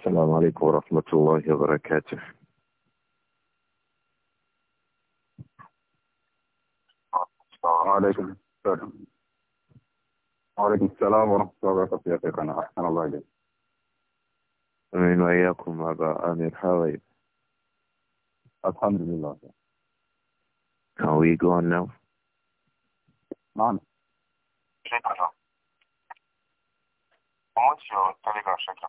السلام عليكم ورحمة الله وبركاته وعليكم السلام السلام ورحمة الله وبركاته يا شيخنا أحسن الله إليك أمين وإياكم أبا أمير حبيب الحمد لله Can we go on now? نعم شكرا What's your telegram, Shakira?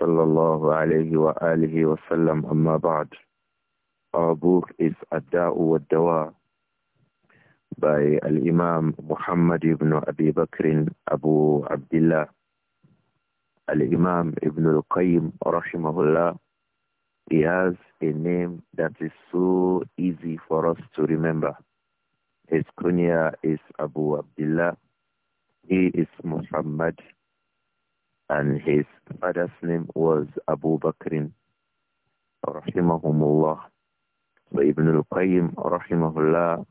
صلى الله عليه وآله وسلم أما بعد Our book is Ad-Da'u wa-Dawa by Al-Imam Muhammad ibn Abi Bakr Abu Abdullah Al-Imam ibn Al-Qayyim rahimahullah He has a name that is so easy for us to remember. His kunya is Abu Abdullah. He is Muhammad and his father's name was Abu Bakr rahimahumullah. So Ibn al-Qayyim rahimahullah,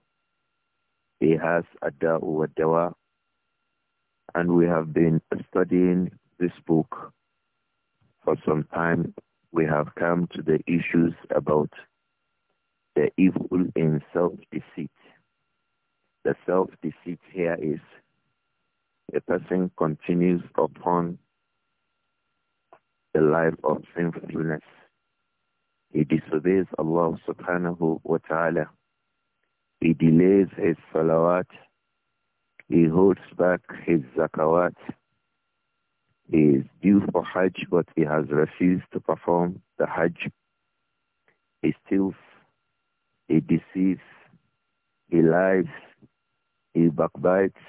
he has ad wa dawa and we have been studying this book for some time. We have come to the issues about the evil in self-deceit. The self-deceit here is a person continues upon a life of sinfulness. He disobeys Allah subhanahu wa ta'ala. He delays his salawat. He holds back his zakawat. He is due for Hajj, but he has refused to perform the Hajj. He steals. He deceives. He lies. He backbites.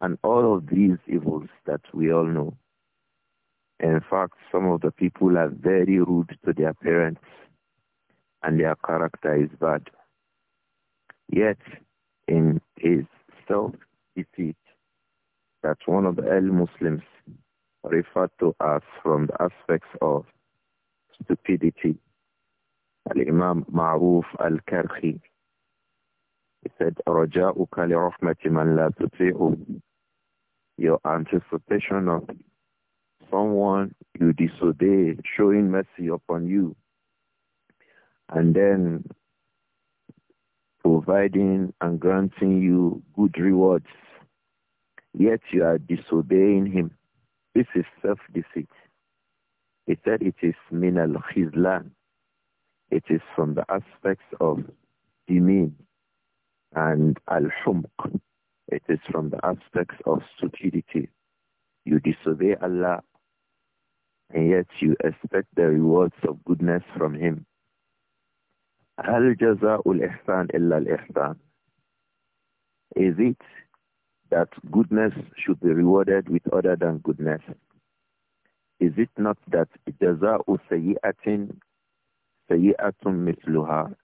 And all of these evils that we all know. In fact, some of the people are very rude to their parents and their character is bad. Yet, in his self-defeat, that one of the early Muslims referred to as from the aspects of stupidity, Al-Imam Ma'ruf Al-Karhi, he said, رَجَاءُكَ لِرَحْمَةِ مَنْ لَا تُطِيعُ Your anticipation of someone you disobey showing mercy upon you and then providing and granting you good rewards, yet you are disobeying him. This is self-deceit. He said it is min al-khizlan. It is from the aspects of demean and al-humq. It is from the aspects of stupidity. You disobey Allah and yet you expect the rewards of goodness from him. هل جزاء الإحسان إلا الإحسان? Is it that goodness should be rewarded with other than goodness? Is it not that جزاء سيئة سيئة مثلها?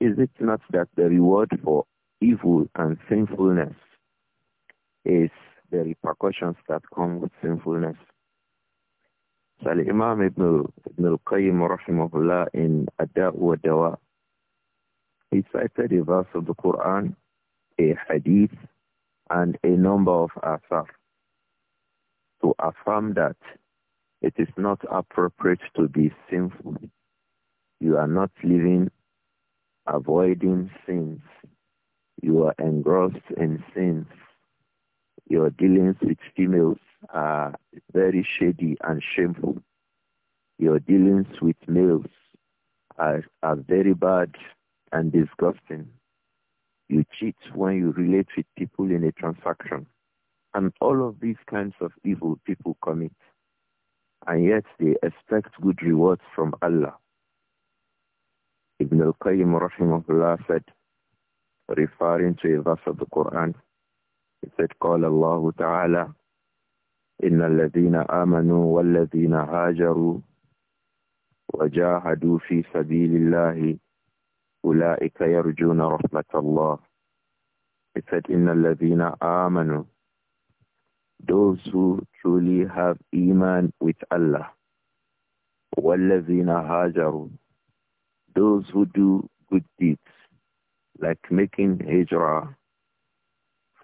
Is it not that the reward for evil and sinfulness is the repercussions that come with sinfulness? So Imam Ibn, Ibn al-Qayyim rahimahullah in Ada' wa Dawa, he cited a verse of the Quran, a hadith, and a number of asar to affirm that it is not appropriate to be sinful. You are not living avoiding sins. You are engrossed in sins your dealings with females are very shady and shameful. Your dealings with males are, are very bad and disgusting. You cheat when you relate with people in a transaction. And all of these kinds of evil people commit. And yet they expect good rewards from Allah. Ibn al-Qayyim rahimahullah said, referring to a verse of the Quran, He قال الله تعالى إن الذين آمنوا والذين هاجروا وجاهدوا في سبيل الله أولئك يرجون رحمة الله. He إن الذين آمنوا those who truly have iman with Allah. وَالَّذِينَ هَاجَرُوا Those who do good deeds, like making hijrah,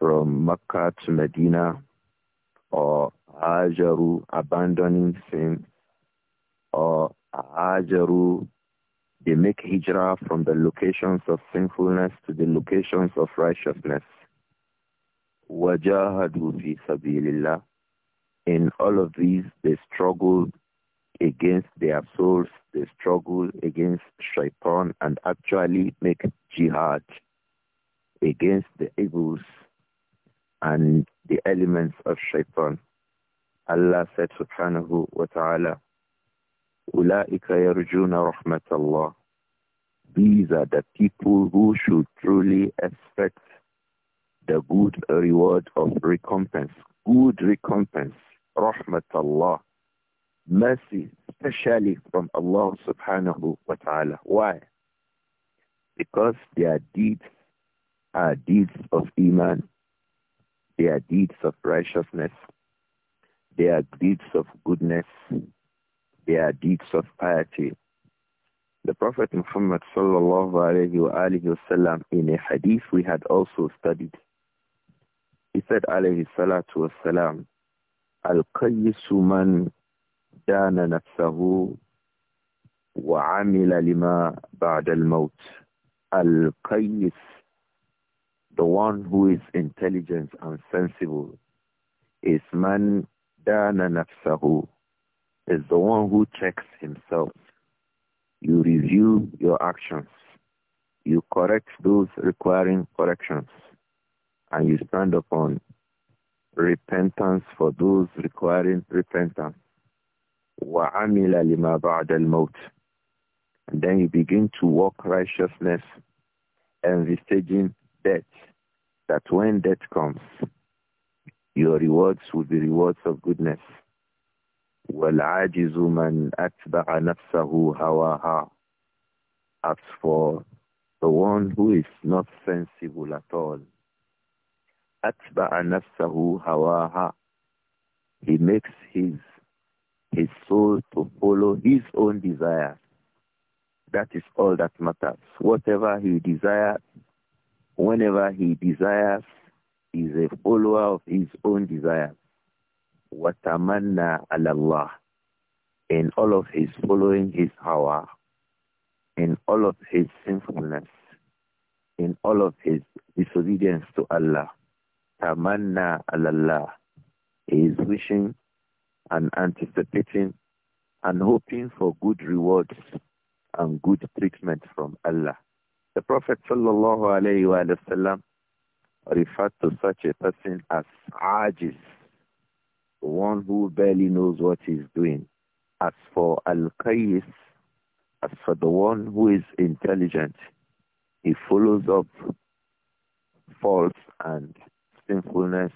from Mecca to Medina or Ajaru abandoning sin or Ajaru they make hijrah from the locations of sinfulness to the locations of righteousness. Wajahadu fi sabilillah. In all of these, they struggle against their souls, they struggle against shaitan and actually make jihad against the evils and the elements of shaitan. Allah said subhanahu wa ta'ala, أُولَٰئِكَ يَرْجُونَ رَحْمَةَ اللَّهِ These are the people who should truly expect the good reward of recompense. Good recompense, رحمة الله. Mercy, especially from Allah subhanahu wa ta'ala. Why? Because their deeds are deeds of Iman their deeds of righteousness, their deeds of goodness, their deeds of piety. The Prophet Muhammad sallallahu alayhi wa alayhi wasallam in a hadith we had also studied, he said alayhi salatu wasalam, Al-Qayyisu man dana nafsahu وعمل لما بعد الموت القيس the one who is intelligent and sensible is man dana nafsahu, is the one who checks himself. You review your actions. You correct those requiring corrections. And you stand upon repentance for those requiring repentance. وَعَمِلَ لِمَا بَعْدَ الْمَوْتِ And then you begin to walk righteousness, and envisaging death, that when death comes, your rewards will be rewards of goodness. وَالْعَاجِزُ مَنْ أَتْبَعَ نَفْسَهُ هَوَاهَا As for the one who is not sensible at all, أَتْبَعَ نَفْسَهُ هَوَاهَا He makes his, his soul to follow his own desire. That is all that matters. Whatever he desires, whenever he desires, is a follower of his own desires. وَتَمَنَّى عَلَى اللَّهِ In all of his following his hawa, in all of his sinfulness, in all of his disobedience to Allah, tamanna Allah, he is wishing and anticipating and hoping for good rewards and good treatment from Allah. The Prophet sallallahu alayhi wa sallam referred to such a person as ajiz, one who barely knows what he's doing. As for al-qais, as for the one who is intelligent, he follows up faults and sinfulness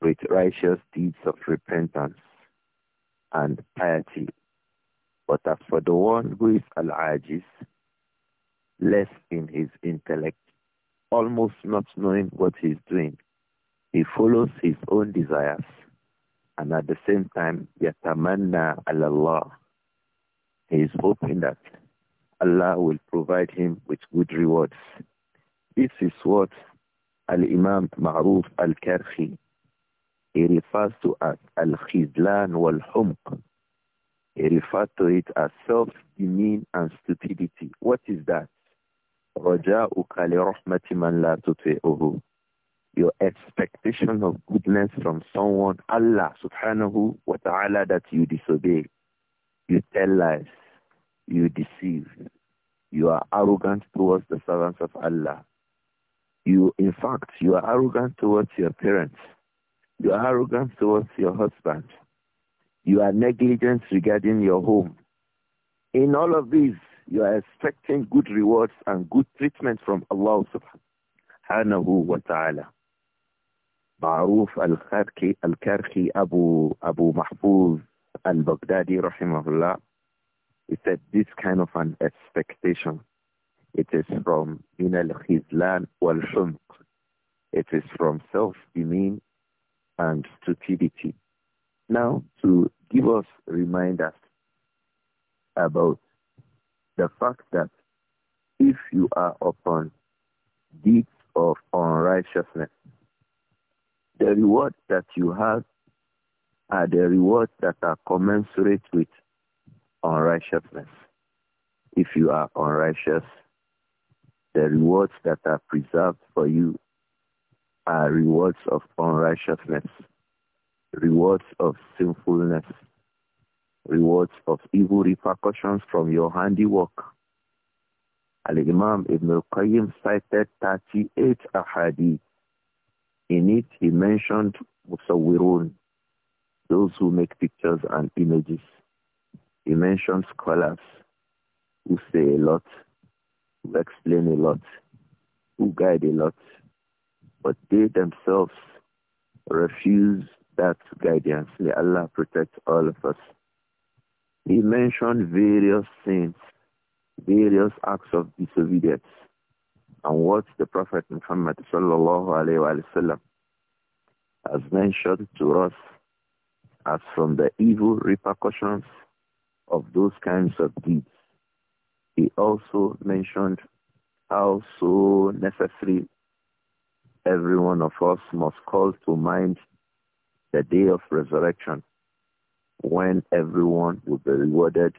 with righteous deeds of repentance and piety. But as for the one who is al-ajiz, less in his intellect, almost not knowing what he's doing. He follows his own desires and at the same time, yatamanna Allah. He is hoping that Allah will provide him with good rewards. This is what Al-Imam Ma'ruf al Kerhi he refers to as al Khidlan wal-Humq. He refers to it as self-demean and stupidity. What is that? Your expectation of goodness from someone, Allah subhanahu wa ta'ala, that you disobey. You tell lies. You deceive. You are arrogant towards the servants of Allah. You, in fact, you are arrogant towards your parents. You are arrogant towards your husband. You are negligent regarding your home. In all of these, you are expecting good rewards and good treatment from Allah subhanahu wa ta'ala. معروف الكرخي الكرخي أبو أبو محفوظ al-Baghdadi rahimahullah, he said this kind of an expectation, it is from min al-khizlan wal It is from self-demean and stupidity. Now, to give us reminders about the fact that if you are upon deeds of unrighteousness, the rewards that you have are the rewards that are commensurate with unrighteousness. If you are unrighteous, the rewards that are preserved for you are rewards of unrighteousness, rewards of sinfulness, rewards of evil repercussions from your handiwork. Al-Imam Ibn al-Qayyim cited 38 ahadith. In it, he mentioned musawwirun, those who make pictures and images. He mentioned scholars who say a lot, who explain a lot, who guide a lot, but they themselves refuse that guidance. May Allah protect all of us. He mentioned various sins, various acts of disobedience, and what the Prophet Muhammad sallallahu alaihi wasallam has mentioned to us as from the evil repercussions of those kinds of deeds. He also mentioned how so necessary every one of us must call to mind the day of resurrection when everyone will be rewarded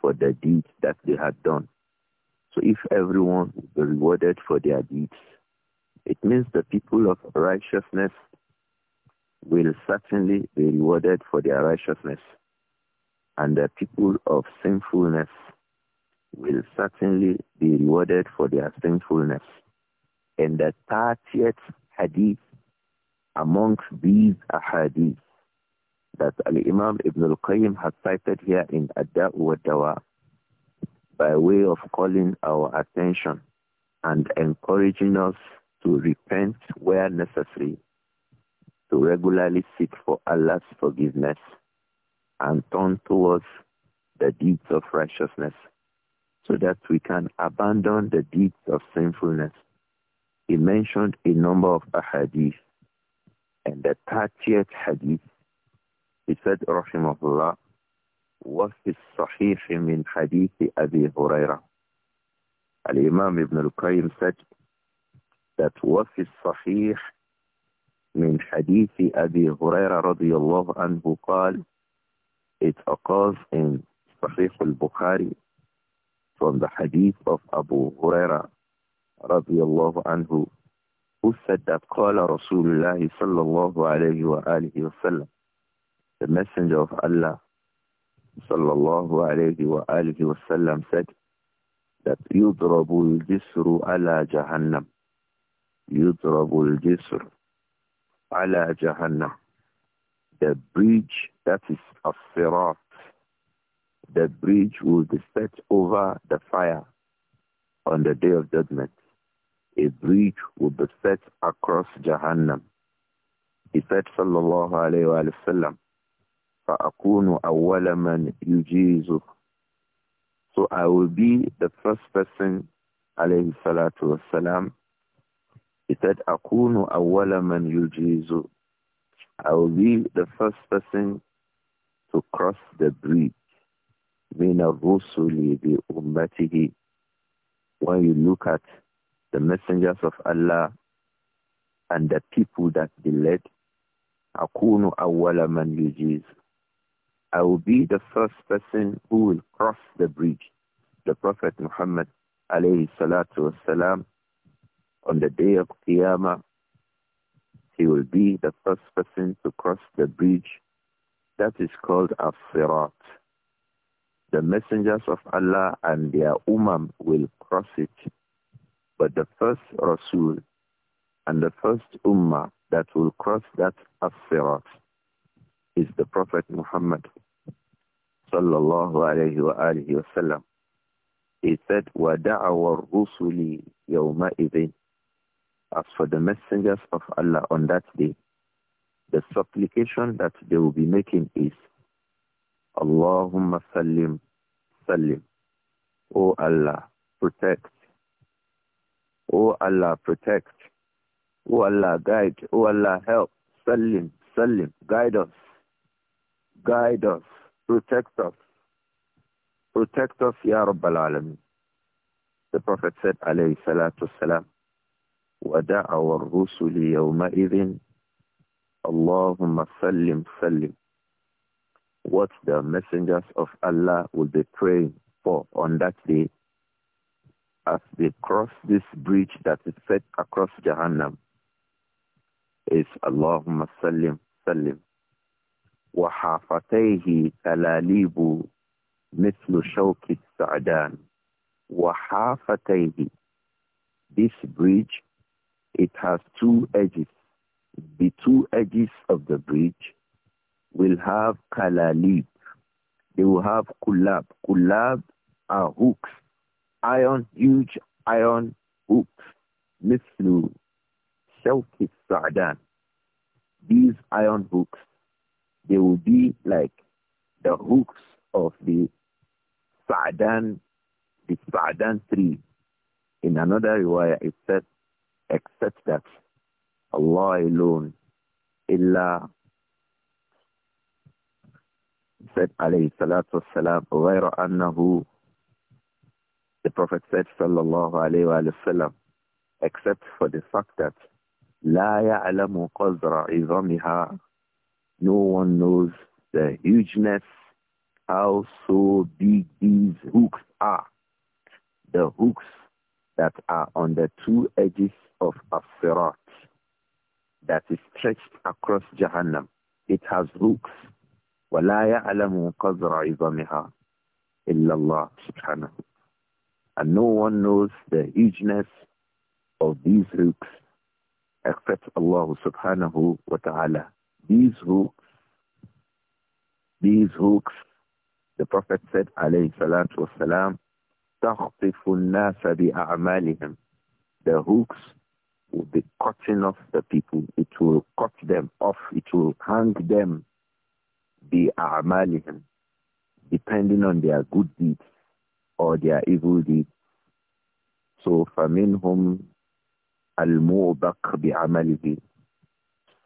for the deeds that they had done. So if everyone will be rewarded for their deeds, it means the people of righteousness will certainly be rewarded for their righteousness. And the people of sinfulness will certainly be rewarded for their sinfulness. And the 30th hadith amongst these hadiths, that Al-Imam Ibn al-Qayyim has cited here in Adab wa Dawa by way of calling our attention and encouraging us to repent where necessary, to regularly seek for Allah's forgiveness and turn towards the deeds of righteousness so that we can abandon the deeds of sinfulness. He mentioned a number of ahadith and the 30th hadith He said, الله وفي الصحيح من حديث أبي هريرة الإمام ابن القيم said that وفي الصحيح من حديث أبي هريرة رضي الله عنه قال it occurs in صحيح البخاري from the hadith of Abu Huraira رضي الله عنه who said that قال رسول الله صلى الله عليه وآله وسلم The Messenger of Allah sallallahu alayhi wa alihi wa sallam said that yudrabu al-jisru ala jahannam. Yudrabu al-jisru ala jahannam. The bridge that is of sirat. The bridge will be set over the fire on the day of judgment. A bridge will be set across Jahannam. He said, sallallahu alayhi wa sallam, فَأَكُونُ أَوَّلَ مَنْ يُجِيزُ So I will be the first person, alayhi salatu wasalam. He said, أَكُونُ أَوَّلَ مَنْ يُجِيزُ I will be the first person to cross the bridge. من الرسل بأمته When you look at the messengers of Allah and the people that they led, أَكُونُ أَوَّلَ مَنْ يُجِيزُ I will be the first person who will cross the bridge. The Prophet Muhammad alayhi salatu wasalam, on the day of Qiyamah, he will be the first person to cross the bridge. That is called as The messengers of Allah and their Ummah will cross it. But the first Rasul and the first Ummah that will cross that as is the Prophet Muhammad sallallahu alayhi wa alihi wa sallam. He said, وَدَعَوَ الرُّسُلِ يَوْمَئِذٍ As for the messengers of Allah on that day, the supplication that they will be making is, Allahumma sallim, sallim. O Allah, protect. O Allah, protect. O Allah, guide. O Allah, help. Sallim, sallim, guide us. Guide us. Protect us. Protect us, Ya al Alameen. The Prophet said, alayhi salatu salam, ودعا الرسل يومئذ اللهم سلم سلم what the messengers of Allah will be praying for on that day as they cross this bridge that is set across Jahannam is Allahumma sallim sallim. وحافتيه تلاليب مثل شوك السعدان وحافتيه This bridge, it has two edges. The two edges of the bridge will have kalalib. They will have kulab. Kulab are hooks, iron, huge iron hooks. Mithlu, Shawki Sa'dan. These iron hooks they will be like the hooks of the Sa'dan, the Sa'dan tree. In another riwayah, it says, except that Allah alone, illa, said alayhi salatu salam." غَيْرَ أَنَّهُ The Prophet said, sallallahu alayhi wa sallam, except for the fact that, لَا يَعْلَمُ قَدْرَ عِظَمِهَا no one knows the hugeness, how so big these hooks are. The hooks that are on the two edges of Asirat that is stretched across Jahannam. It has hooks. وَلَا يَعْلَمُ قَدْرَ عِظَمِهَا إِلَّا اللَّهُ سُبْحَانَهُ And no one knows the hugeness of these hooks except Allah subhanahu wa ta'ala. These hooks, these hooks, the Prophet said, alayhi salatu wasalam, تَخْطِفُ The hooks will be cutting off the people. It will cut them off. It will hang them بِأَعْمَالِهِمْ Depending on their good deeds or their evil deeds. So فَمِنْهُمْ الْمُوبَقْ بِعَمَلِهِ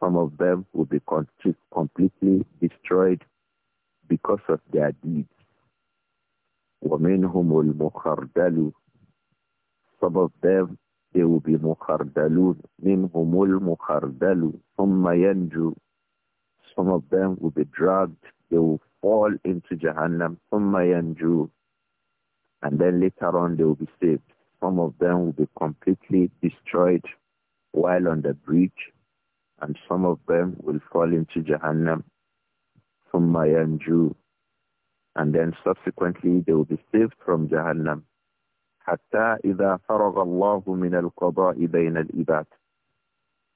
some of them will be completely destroyed because of their deeds. وَمِنْهُمُ الْمُخَرْدَلُ Some of them, they will be مُخَرْدَلُونَ مِنْهُمُ الْمُخَرْدَلُ ثُمَّ يَنْجُو Some of them will be dragged, they will fall into Jahannam, ثُمَّ يَنْجُو And then later on they will be saved. Some of them will be completely destroyed while on the bridge and some of them will fall into Jahannam, from Mayanju, and then subsequently they will be saved from Jahannam. حتى إذا فرغ الله من القضاء بين الإباد.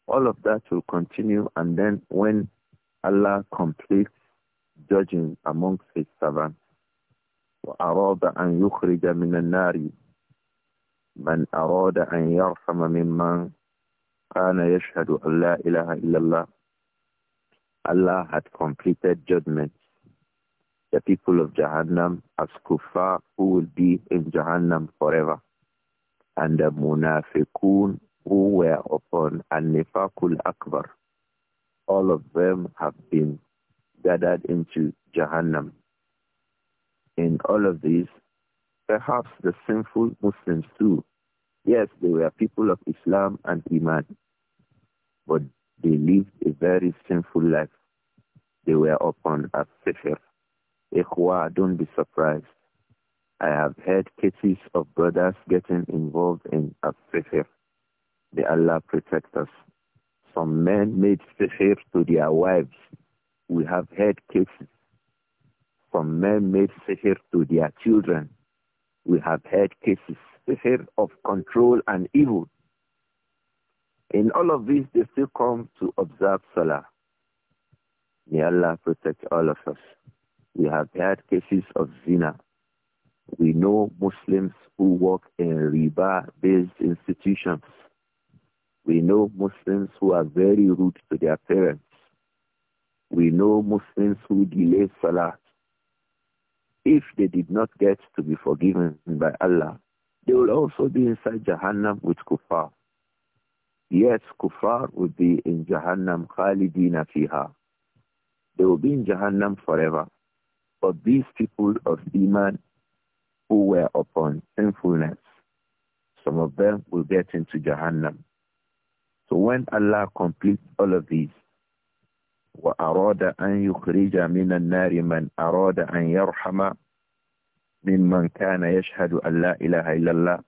All of that will continue and then when Allah completes judging amongst his servants, وأراد أن يخرج من النار من أراد أن يرحم ممن كان يشهد أن لا إله إلا Allah had completed judgment. The people of Jahannam as kuffar who will be in Jahannam forever. And the munafiqun who were upon An-Nifakul Akbar. All of them have been gathered into Jahannam. In all of these, perhaps the sinful Muslims too Yes, they were people of Islam and Iman, but they lived a very sinful life. They were upon a fisher. Ikhwa, don't be surprised. I have heard cases of brothers getting involved in a fisher. May Allah protect us. Some men made sihr to their wives. We have heard cases. Some men made sihr to their children. We have heard cases sihr of control and evil. In all of this, they still come to observe Salah. May Allah protect all of us. We have had cases of zina. We know Muslims who work in riba-based institutions. We know Muslims who are very rude to their parents. We know Muslims who delay Salah. If they did not get to be forgiven by Allah, they will also be inside Jahannam with kuffar. Yes, kuffar will be in Jahannam khalidina fiha. They will be in Jahannam forever. But these people of Iman who were upon sinfulness, some of them will get into Jahannam. So when Allah completes all of these, وأراد أن يخرج من النار من أراد أن يرحم مِمَّنْ كَانَ يَشْهَدُ أَنْ لَا إِلَهَ إِلَّا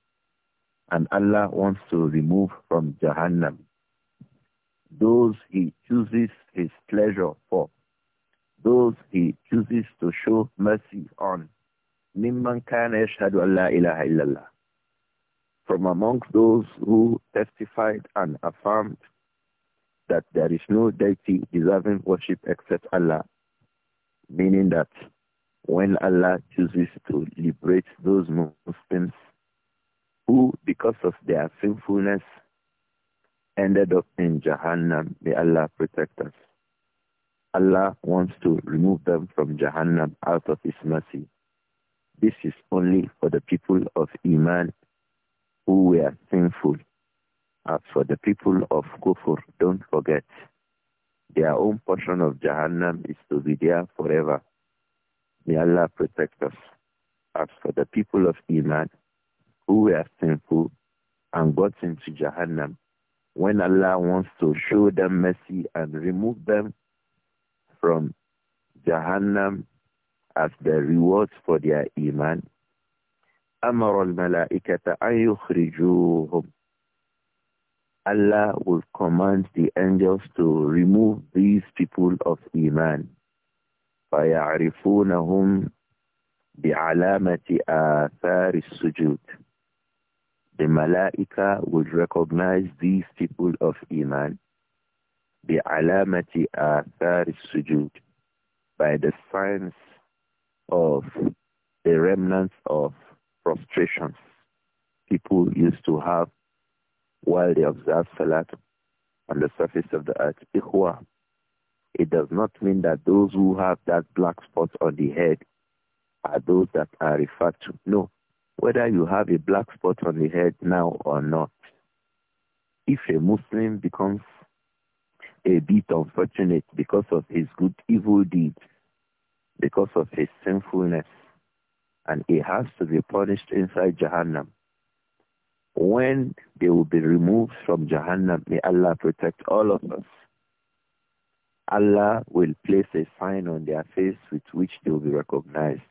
And Allah wants to remove from Jahannam those he chooses his pleasure for, those he chooses to show mercy on. مِمَّنْ كَانَ يَشْهَدُ أَنْ لَا إِلَهَ إِلَّا From amongst those who testified and affirmed that there is no deity deserving worship except Allah, meaning that when Allah chooses to liberate those Muslims who, because of their sinfulness, ended up in Jahannam. May Allah protect us. Allah wants to remove them from Jahannam out of His mercy. This is only for the people of Iman who were sinful. As for the people of Kufur, don't forget, their own portion of Jahannam is to be there forever. May Allah protect us. As for the people of Iman who were sinful and got into Jahannam, when Allah wants to show them mercy and remove them from Jahannam as the rewards for their Iman, أمر الملائكة أن يخرجوهم Allah will command the angels to remove these people of Iman فَيَعْرِفُونَهُمْ بِعَلَامَةِ آثَارِ السُّجُودِ The Malaika would recognize these people of Iman بِعَلَامَةِ آثَارِ السُّجُودِ by the signs of the remnants of prostrations people used to have while they observed Salat on the surface of the earth. Ikhwa, it does not mean that those who have that black spot on the head are those that are referred to. No. Whether you have a black spot on the head now or not, if a Muslim becomes a bit unfortunate because of his good evil deeds, because of his sinfulness, and he has to be punished inside Jahannam. When they will be removed from Jahannam, may Allah protect all of us. Allah will place a sign on their face with which they will be recognized.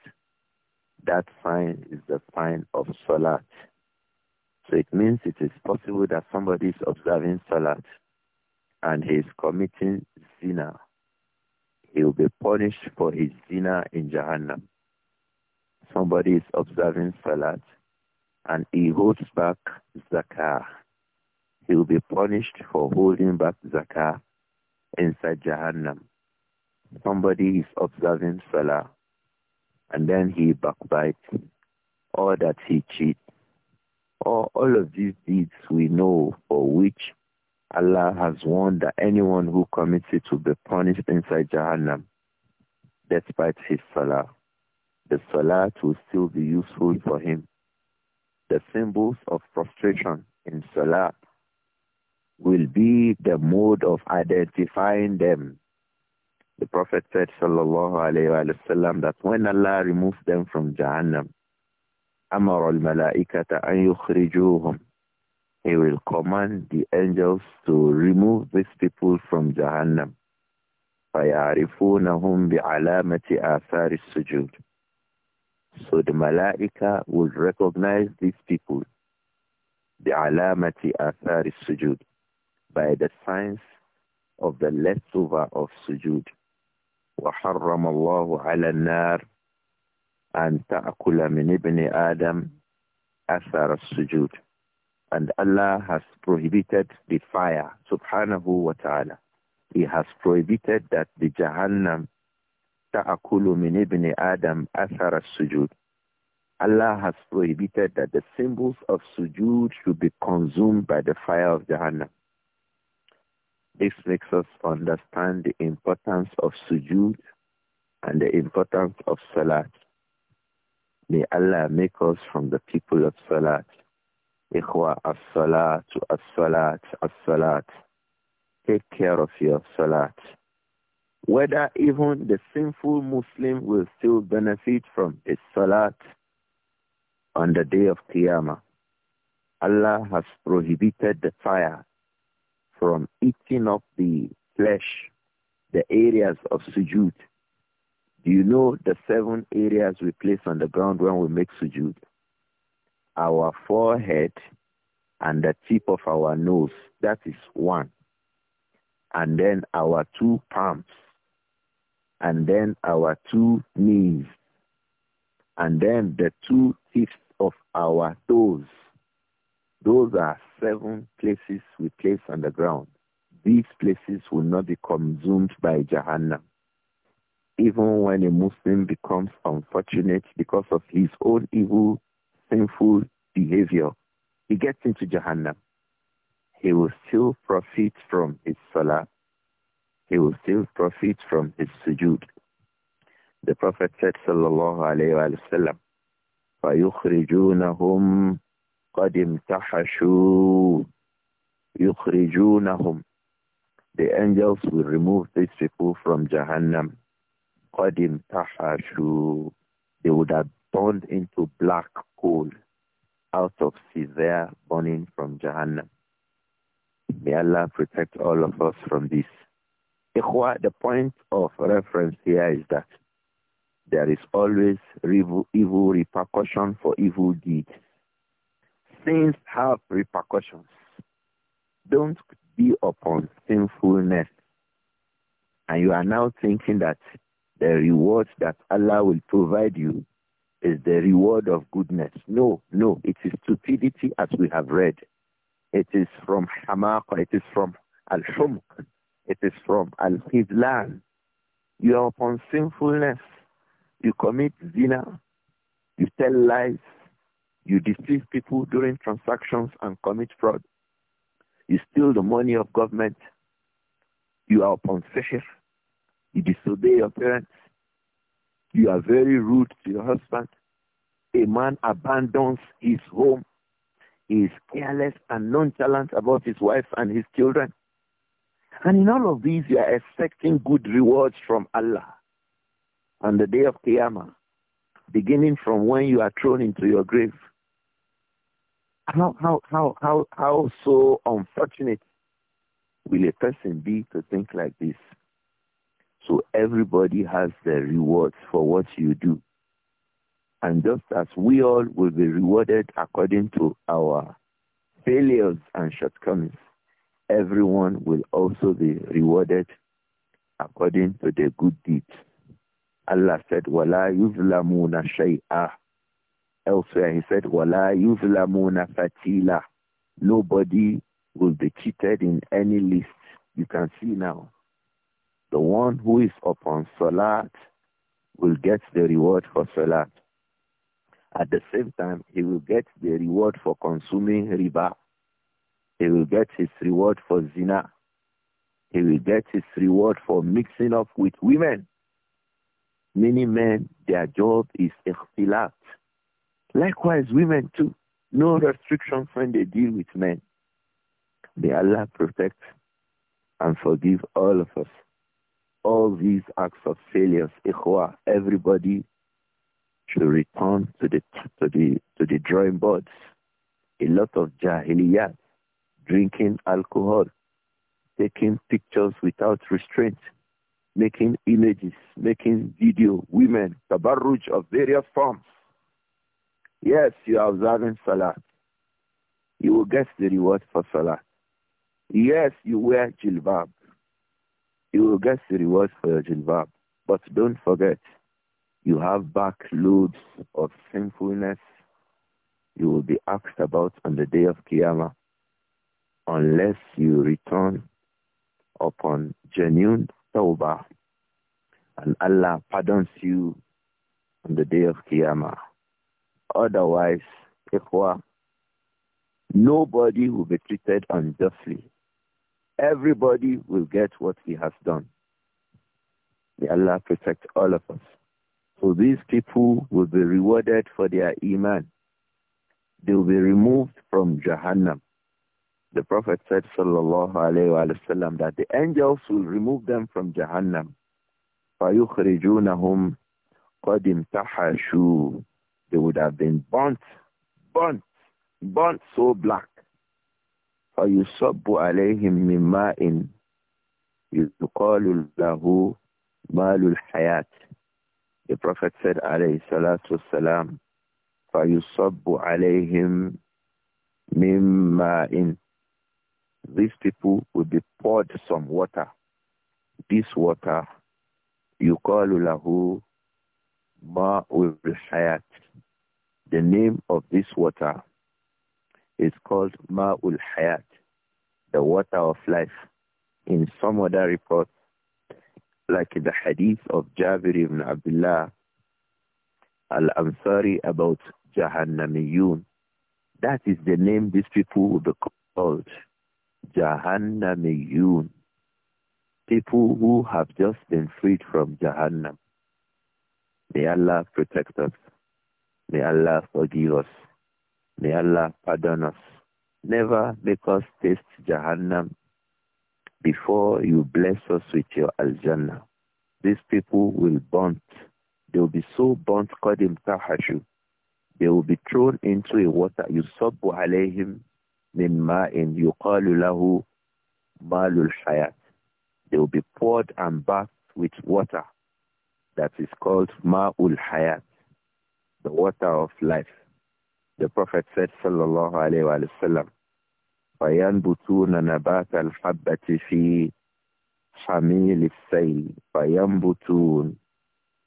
That sign is the sign of Salat. So it means it is possible that somebody is observing Salat and he is committing zina. He will be punished for his zina in Jahannam. Somebody is observing Salat and he holds back Zakah. He will be punished for holding back Zakah inside Jahannam. Somebody is observing Salah and then he backbites or that he cheats or all of these deeds we know for which Allah has warned that anyone who commits it will be punished inside Jahannam despite his salah. The salah will still be useful for him. The symbols of frustration in salah will be the mode of identifying them. The Prophet said, sallallahu alayhi wa sallam, that when Allah removes them from Jahannam, أمر الملائكة أن يخرجوهم he will command the angels to remove these people from Jahannam. فَيَعْرِفُونَهُمْ بِعَلَامَةِ آثَارِ السُّجُودِ So the Malaika will recognize these people. بِعَلَامَةِ آثَارِ السُّجُودِ by the signs of the leftover of sujud. وحرم الله على النار أن تأكل من ابن آدم أثر السجود. And Allah has prohibited the fire, subhanahu wa ta'ala. He has prohibited that the Jahannam تأكل من ابن آدم أثر السجود. Allah has prohibited that the symbols of sujud should be consumed by the fire of Jahannam. This makes us understand the importance of sujood and the importance of salat. May Allah make us from the people of salat. Ikhwa as-salat, as-salat, as-salat. Take care of your salat. Whether even the sinful Muslim will still benefit from his salat on the day of Qiyamah. Allah has prohibited the fire from eating up the flesh, the areas of sujud. Do you know the seven areas we place on the ground when we make sujud? Our forehead and the tip of our nose, that is one. And then our two palms, and then our two knees, and then the two tips of our toes those are seven places we place underground. These places will not be consumed by Jahannam. Even when a Muslim becomes unfortunate because of his own evil, sinful behavior, he gets into Jahannam. He will still profit from his salah. He will still profit from his sujood. The Prophet said, sallallahu alayhi wa sallam, فَيُخْرِجُونَهُمْ قد امتحشوا يخرجونهم The angels will remove these people from Jahannam. قد امتحشوا They would have turned into black coal out of severe burning from Jahannam. May Allah protect all of us from this. The point of reference here is that there is always evil repercussion for evil deeds sins have repercussions. Don't be upon sinfulness. And you are now thinking that the reward that Allah will provide you is the reward of goodness. No, no, it is stupidity as we have read. It is from Hamaq, it is from Al-Humq, it is from Al-Khizlan. You are upon sinfulness. You commit zina. You tell lies you deceive people during transactions and commit fraud. You steal the money of government. You are upon session. You disobey your parents. You are very rude to your husband. A man abandons his home. He is careless and nonchalant about his wife and his children. And in all of these, you are expecting good rewards from Allah on the day of Qiyamah, beginning from when you are thrown into your grave. How, how, how, how, how so unfortunate will a person be to think like this? So everybody has their rewards for what you do. And just as we all will be rewarded according to our failures and shortcomings, everyone will also be rewarded according to their good deeds. Allah said, وَلَا يُظْلَمُونَ شَيْئًا elsewhere, he said, Wala yuzlamuna fatila. Nobody will be cheated in any list. You can see now. The one who is upon Salat will get the reward for Salat. At the same time, he will get the reward for consuming riba. He will get his reward for zina. He will get his reward for mixing up with women. Many men, their job is ikhtilaf Likewise, women too. No restrictions when they deal with men. May Allah protect and forgive all of us. All these acts of failures, ikhwa, everybody should return to the, to the, to the drawing boards. A lot of jahiliyat, drinking alcohol, taking pictures without restraint, making images, making video, women, tabarruj of various forms. Yes, you are observing Salah. You will get the reward for Salah. Yes, you wear jilbab. You will get the reward for your jilbab. But don't forget, you have backloads of sinfulness you will be asked about on the day of Qiyamah unless you return upon genuine tawbah and Allah pardons you on the day of Qiyamah. Otherwise, ikhwa, nobody will be treated unjustly. Everybody will get what he has done. May Allah protect all of us. So these people will be rewarded for their iman. They will be removed from Jahannam. The Prophet said, sallallahu alayhi wasallam, that the angels will remove them from Jahannam. فَيُخْرِجُونَهُمْ قَدْ امْتَحَشُوا they would have been burnt, burnt, burnt so black. فَيُصَبُّ alayhim مِنْ مَاءٍ يُقَالُ لَهُ مَالُ hayat. The Prophet said, عليه الصلاة والسلام, فَيُصَبُّ عَلَيْهِمْ مِنْ مَاءٍ These people will be poured some water. This water, يُقَالُ لَهُ Ma'ul Hayat. The name of this water is called Ma'ul Hayat, the water of life. In some other reports, like the hadith of Jabir ibn Abdullah al-Ansari about Jahannamiyun, that is the name these people will be called, Jahannamiyun, people who have just been freed from Jahannam. May Allah protect us. May Allah forgive us. May Allah pardon us. Never make us taste Jahannam before you bless us with your Al-Jannah. These people will burnt. They will be so burnt, Qadim Tahashu. They will be thrown into a water. Yusabbu alayhim min ma'in yuqalu lahu malul shayat They will be poured and bathed with water that is called Ma'ul Hayat, the water of life. The Prophet said, Sallallahu Alaihi Wasallam, فَيَنْبُتُونَ نَبَاتَ الْحَبَّةِ فِي حَمِيلِ السَّيْلِ فَيَنْبُتُونَ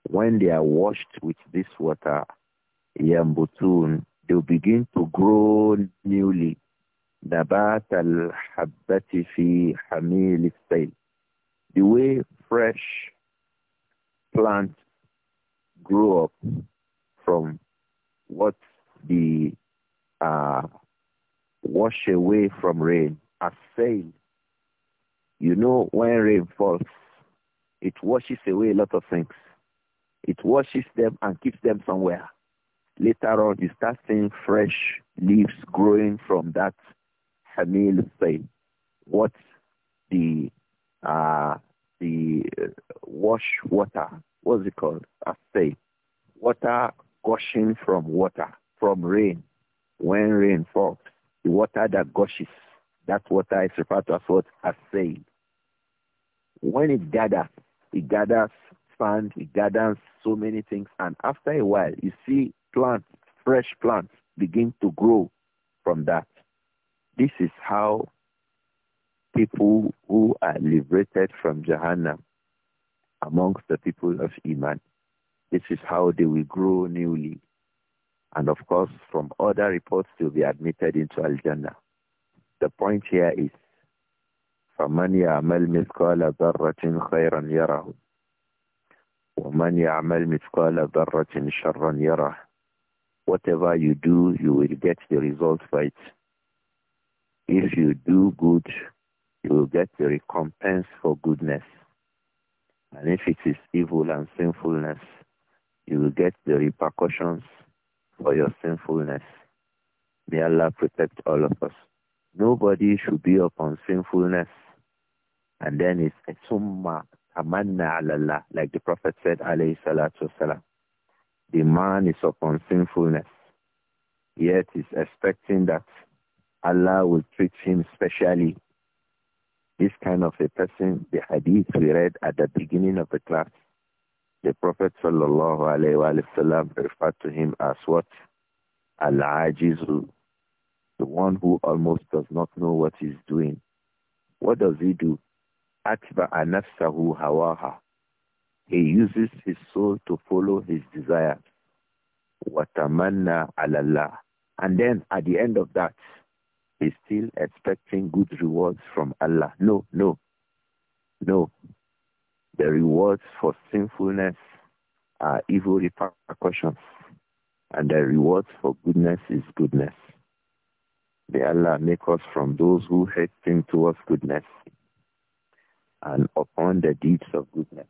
When they are washed with this water, يَنْبُتُونَ They begin to grow newly. نَبَاتَ الْحَبَّةِ فِي حَمِيلِ السَّيْلِ The way fresh plant grow up from what the uh, wash away from rain as sail. You know, when rain falls, it washes away a lot of things. It washes them and keeps them somewhere. Later on, you start seeing fresh leaves growing from that hamil sail. What the uh, the uh, wash water. What's it called? I say water gushing from water, from rain. When rain falls, the water that gushes, that water is referred to as what? As say. When it gathers, it gathers sand, it gathers so many things. And after a while, you see plants, fresh plants begin to grow from that. This is how people who are liberated from Jahannam amongst the people of Iman. This is how they will grow newly. And of course, from other reports, to be admitted into Al-Jannah. The point here is, فَمَنْ يَعْمَلْ مِثْقَالَ ذَرَّةٍ خَيْرًا يَرَهُ وَمَنْ يَعْمَلْ مِثْقَالَ ذَرَّةٍ شَرًّا يَرَهُ Whatever you do, you will get the result for it. If you do good, you will get the recompense for goodness. And if it is evil and sinfulness, you will get the repercussions for your sinfulness. May Allah protect all of us. Nobody should be upon sinfulness. And then it's summa amanna Allah, like the Prophet said, alayhi salatu wasalam. The man is upon sinfulness, yet is expecting that Allah will treat him specially this kind of a person, the hadith we read at the beginning of the class, the Prophet sallallahu alaihi wasallam referred to him as what? Al-Ajizu, the one who almost does not know what he's doing. What does he do? Atba'a nafsahu hawaha. He uses his soul to follow his desires. Watamanna alallah. And then at the end of that, is still expecting good rewards from Allah. No, no, no. The rewards for sinfulness are evil repercussions, and the rewards for goodness is goodness. May Allah make us from those who hasten towards goodness and upon the deeds of goodness.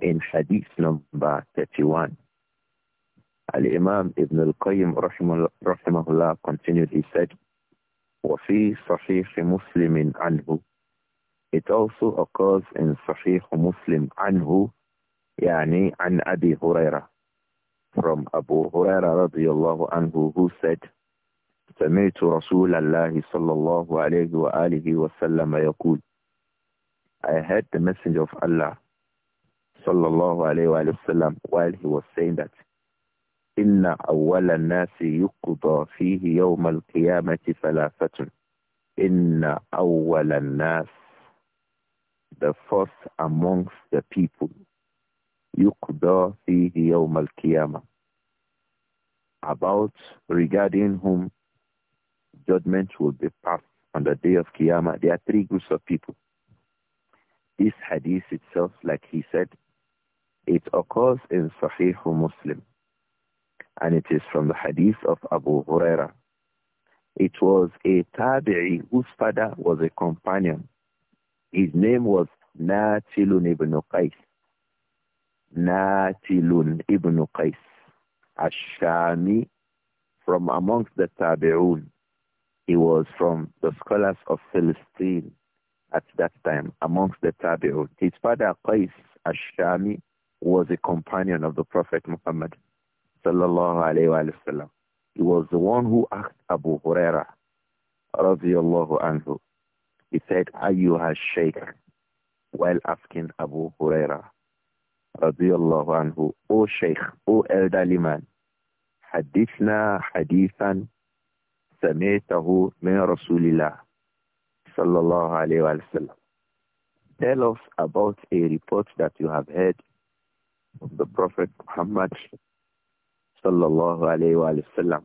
In Hadith number 31, Al-Imam Ibn al-Qayyim rahimahullah continued, he said, وفي صحيح مسلم عنه It also occurs in Sahih Muslim anhu, yani an Abi Huraira, from Abu Huraira radiyallahu anhu who said, سمعت رسول الله صلى الله عليه وآله وسلم يقول I heard the messenger of Allah صلى الله عليه وآله وسلم while he was saying that إن أول الناس يقضى فيه يوم القيامة ثلاثة إن أول الناس the first amongst the people يقضى فيه يوم القيامة about regarding whom judgment will be passed on the day of Qiyamah. There are three groups of people. This hadith itself, like he said, it occurs in Sahih Muslim and it is from the hadith of Abu Huraira. It was a tabi'i whose father was a companion. His name was Natilun ibn Qais. Natilun ibn Qais. Ashami from amongst the tabi'un. He was from the scholars of Philistine at that time, amongst the tabi'un. His father Qais Ashami was a companion of the Prophet Muhammad sallallahu alayhi wa sallam. He was the one who asked Abu Huraira, radiallahu anhu. He said, Ayyuha Shaykh, while asking Abu Huraira, radiallahu anhu, O Shaykh, O elderly man, حدثنا حديثا سمعته من Rasulillah, sallallahu alayhi الله Tell us about a report that you have heard from the Prophet Muhammad sallallahu alayhi wa sallam.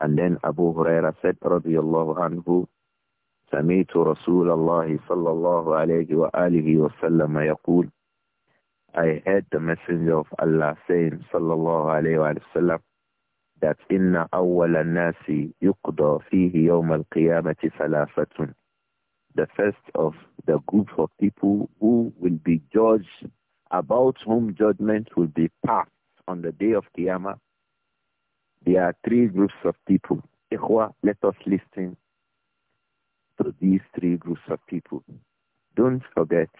And then Abu Huraira said, radiyallahu anhu, سمعت رسول الله صلى الله عليه وآله وسلم يقول I heard the messenger of Allah saying صلى الله عليه وآله وسلم that إن أول الناس يقضى فيه يوم القيامة ثلاثة the first of the group of people who will be judged about whom judgment will be passed on the day of Qiyamah there are three groups of people. Ikhwa, let us listen to these three groups of people. Don't forget,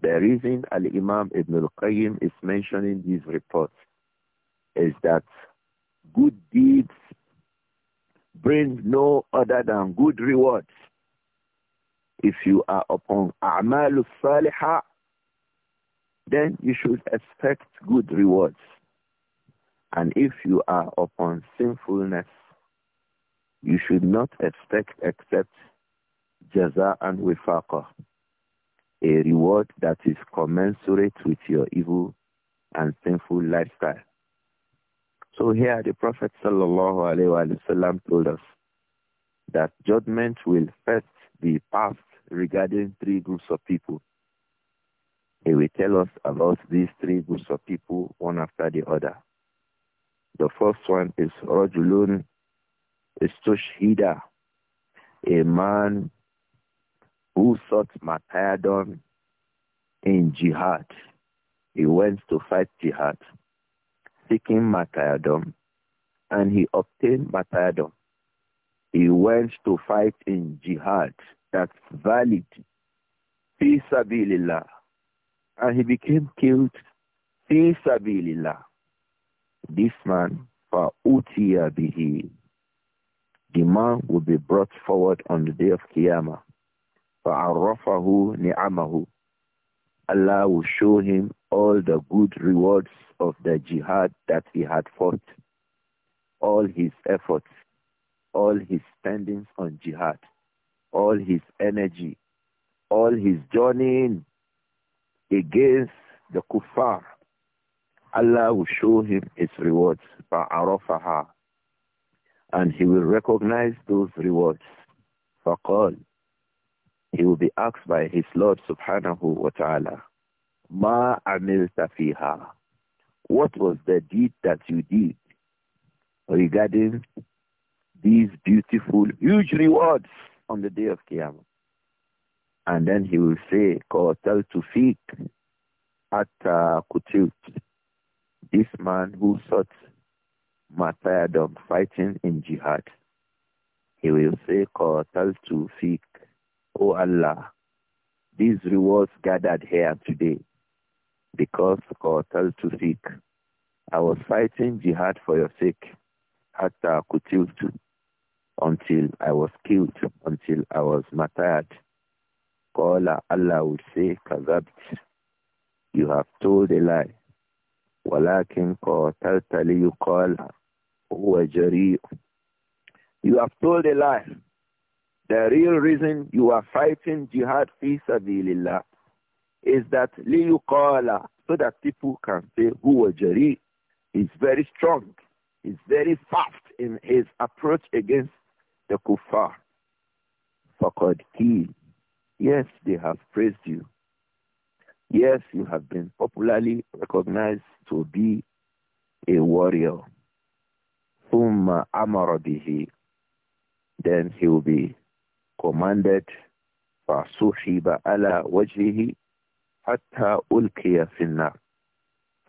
the reason Al-Imam Ibn al-Qayyim is mentioning these reports is that good deeds bring no other than good rewards. If you are upon A'malu Salihah, then you should expect good rewards. And if you are upon sinfulness, you should not expect except jaza and wifaqah, a reward that is commensurate with your evil and sinful lifestyle. So here the Prophet sallallahu told us that judgment will first be passed regarding three groups of people. He will tell us about these three groups of people one after the other. The first one is Rajulun Istushhida, a man who sought martyrdom in jihad. He went to fight jihad, seeking martyrdom, and he obtained martyrdom. He went to fight in jihad. That's valid. Peace Allah, And he became killed. Peace abilillah. This man, فَأُتِيَ بِهِ The man will be brought forward on the day of Qiyamah. فَعَرَّفَهُ نِعَمَهُ Allah will show him all the good rewards of the jihad that he had fought, all his efforts, all his spendings on jihad, all his energy, all his journeying against the kuffar, Allah will show him its rewards, فَعَرَفَهَا And he will recognize those rewards. فَقَالْ He will be asked by his Lord subhanahu wa ta'ala, مَا عَمِلْتَ فِيهَا What was the deed that you did regarding these beautiful, huge rewards on the day of Qiyamah? And then he will say, قَتَلْتُ فِيكَ أَتَّى قُتِلْتُ this man who sought martyrdom fighting in jihad, he will say, to fik, O Allah, these rewards gathered here today, because to fik, I was fighting jihad for your sake, hatta kutiltu, until I was killed, until I was martyred. Qala, Allah will say, Kazabti, you have told a lie. ولكن قاتلت ليقال هو جريء You have told a lie. The real reason you are fighting jihad fi sabilillah is that liyukala, so that people can say who Jari is very strong, He's very fast in his approach against the kuffar. Fakad Yes, they have praised you. Yes, you have been popularly recognized to be a warrior. Thumma amara bihi. Then he will be commanded فَصُحِبَ عَلَى وَجْهِهِ حَتَّى أُلْقِيَ فِي النَّارِ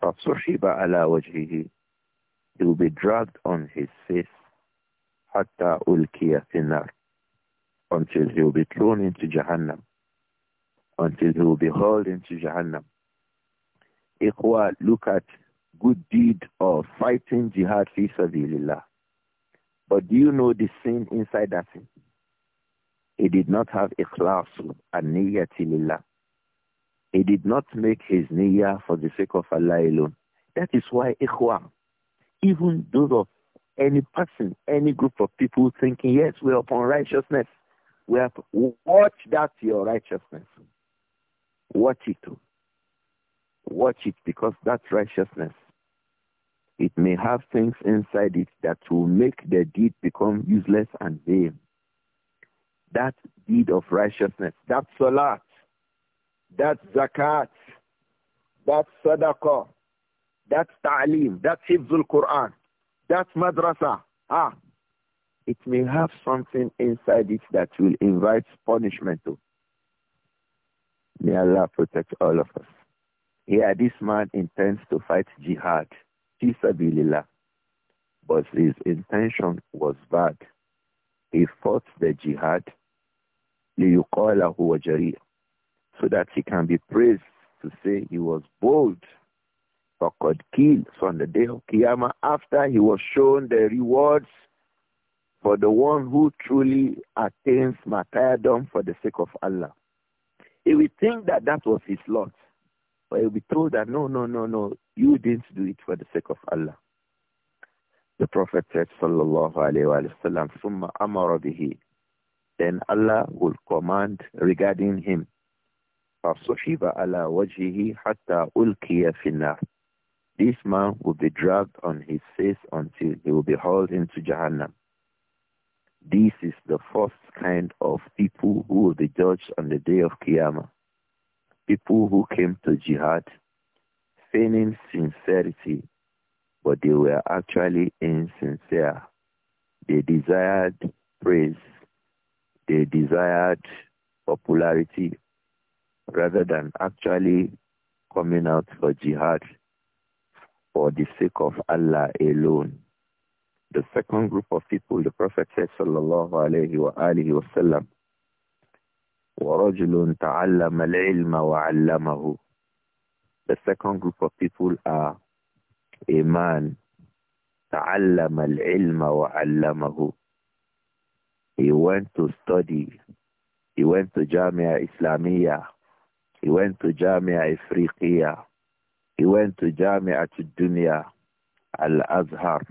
فَصُحِبَ عَلَى وَجْهِهِ He will be dragged on his face حَتَّى أُلْقِيَ فِي النَّارِ Until he will be thrown into Jahannam until he will be hauled into Jahannam. Ikhwa, look at good deed of fighting jihad fi sabilillah. But do you know the sin inside that sin? He did not have ikhlas and niyyati lillah. He did not make his niyyah for the sake of Allah alone. That is why ikhwa, even those of any person, any group of people thinking, yes, we're upon righteousness. We have watch that your righteousness. Watch it. Oh. Watch it because that righteousness, it may have things inside it that will make the deed become useless and vain. That deed of righteousness, that salat, that zakat, that sadaqah, that ta'lim, that hifzul Quran, that madrasa, ah, it may have something inside it that will invite punishment too. Oh. May Allah protect all of us. Here, this man intends to fight jihad, Allah, but his intention was bad. He fought the jihad, so that he can be praised to say he was bold God killed on the day of Qiyamah after he was shown the rewards for the one who truly attains martyrdom for the sake of Allah. He will think that that was his lot. But he'll be told that, no, no, no, no, you didn't do it for the sake of Allah. The Prophet said, sallallahu alayhi wa summa amara bihi. Then Allah will command regarding him. فَصُحِبَ عَلَى وَجْهِهِ حَتَّى أُلْقِيَ النَّارِ This man will be dragged on his face until he will be hauled into Jahannam. This is the first kind of people who will be judged on the day of Qiyamah. People who came to jihad feigning sincerity, but they were actually insincere. They desired praise. They desired popularity rather than actually coming out for jihad for the sake of Allah alone. The second group of people, the Prophet said, sallallahu alayhi wa alihi wa sallam, وَرَجُلٌ تَعَلَّمَ الْعِلْمَ وَعَلَّمَهُ The second group of people are a man تَعَلَّمَ الْعِلْمَ وَعَلَّمَهُ He went to study. He went to Jamia Islamiyah. He went to Jamia Ifriqiyah. He went to Jamia Dunya Al-Azhar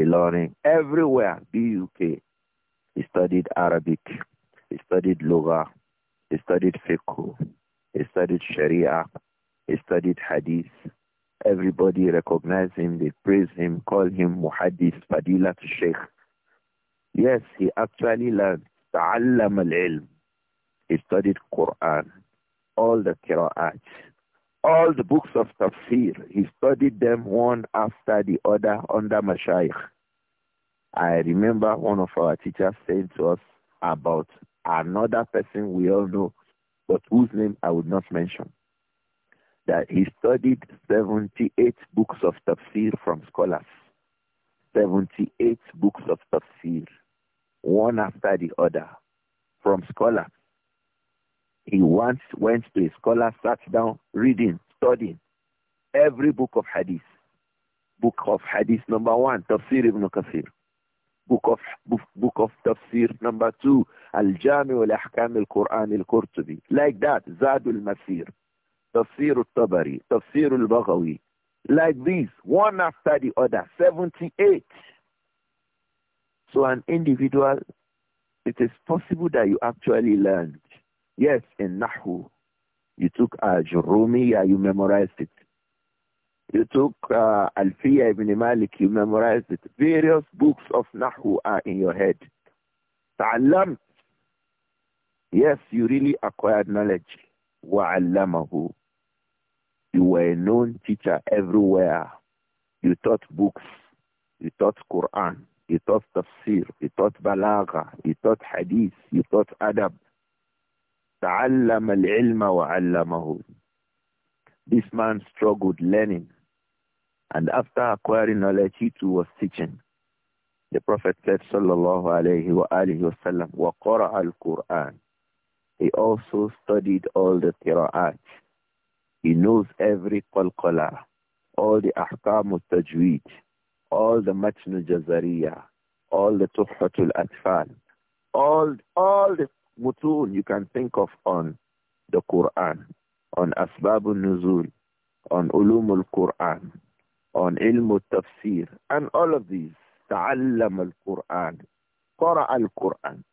learning everywhere, BUK. He studied Arabic. He studied Loga. He studied Fiqh. He studied Sharia. He studied Hadith. Everybody recognized him. They praise him, call him Muhaddith, Fadilat Sheikh. Yes, he actually learned. تعلم العلم. He studied Quran. All the Qira'at. All the books of tafsir, he studied them one after the other under Mashaykh. I remember one of our teachers saying to us about another person we all know, but whose name I would not mention, that he studied 78 books of tafsir from scholars. 78 books of tafsir, one after the other, from scholars. He once went to a scholar, sat down, reading, studying every book of hadith. Book of hadith number one, Tafsir ibn Kathir. Book of, book, book of Tafsir number two, jami Al wal-Ahkam al-Quran al-Qurtubi. Like that, Zadul Masir, Tafsir al-Tabari, Tafsir al-Baghawi. Like this, one after the other, 78. So an individual, it is possible that you actually learn Yes, in Nahu, you took Al-Jurumiya, uh, you memorized it. You took uh, Alfiya ibn Malik, you memorized it. Various books of Nahu are in your head. Ta'allam. Yes, you really acquired knowledge. Wa'allamahu. You were a known teacher everywhere. You taught books. You taught Quran. You taught tafsir. You taught balagha. You taught hadith. You taught adab. تعلم العلم وعلمه. This man struggled learning. And after acquiring knowledge, he too was teaching. The Prophet said, Sallallahu alaihi wa alihi wasallam, quran He also studied all the qira'at. He knows every qalqala, all the ahkam tajweed, all the matn jazariya, all the tuhfatul atfal, all, all the mutul you can think of on the Quran, on Asbabun Nuzul, on Ulumul Quran, on Ilm Tafsir, and all of these. Ta'allam al-Quran, Qara al-Quran.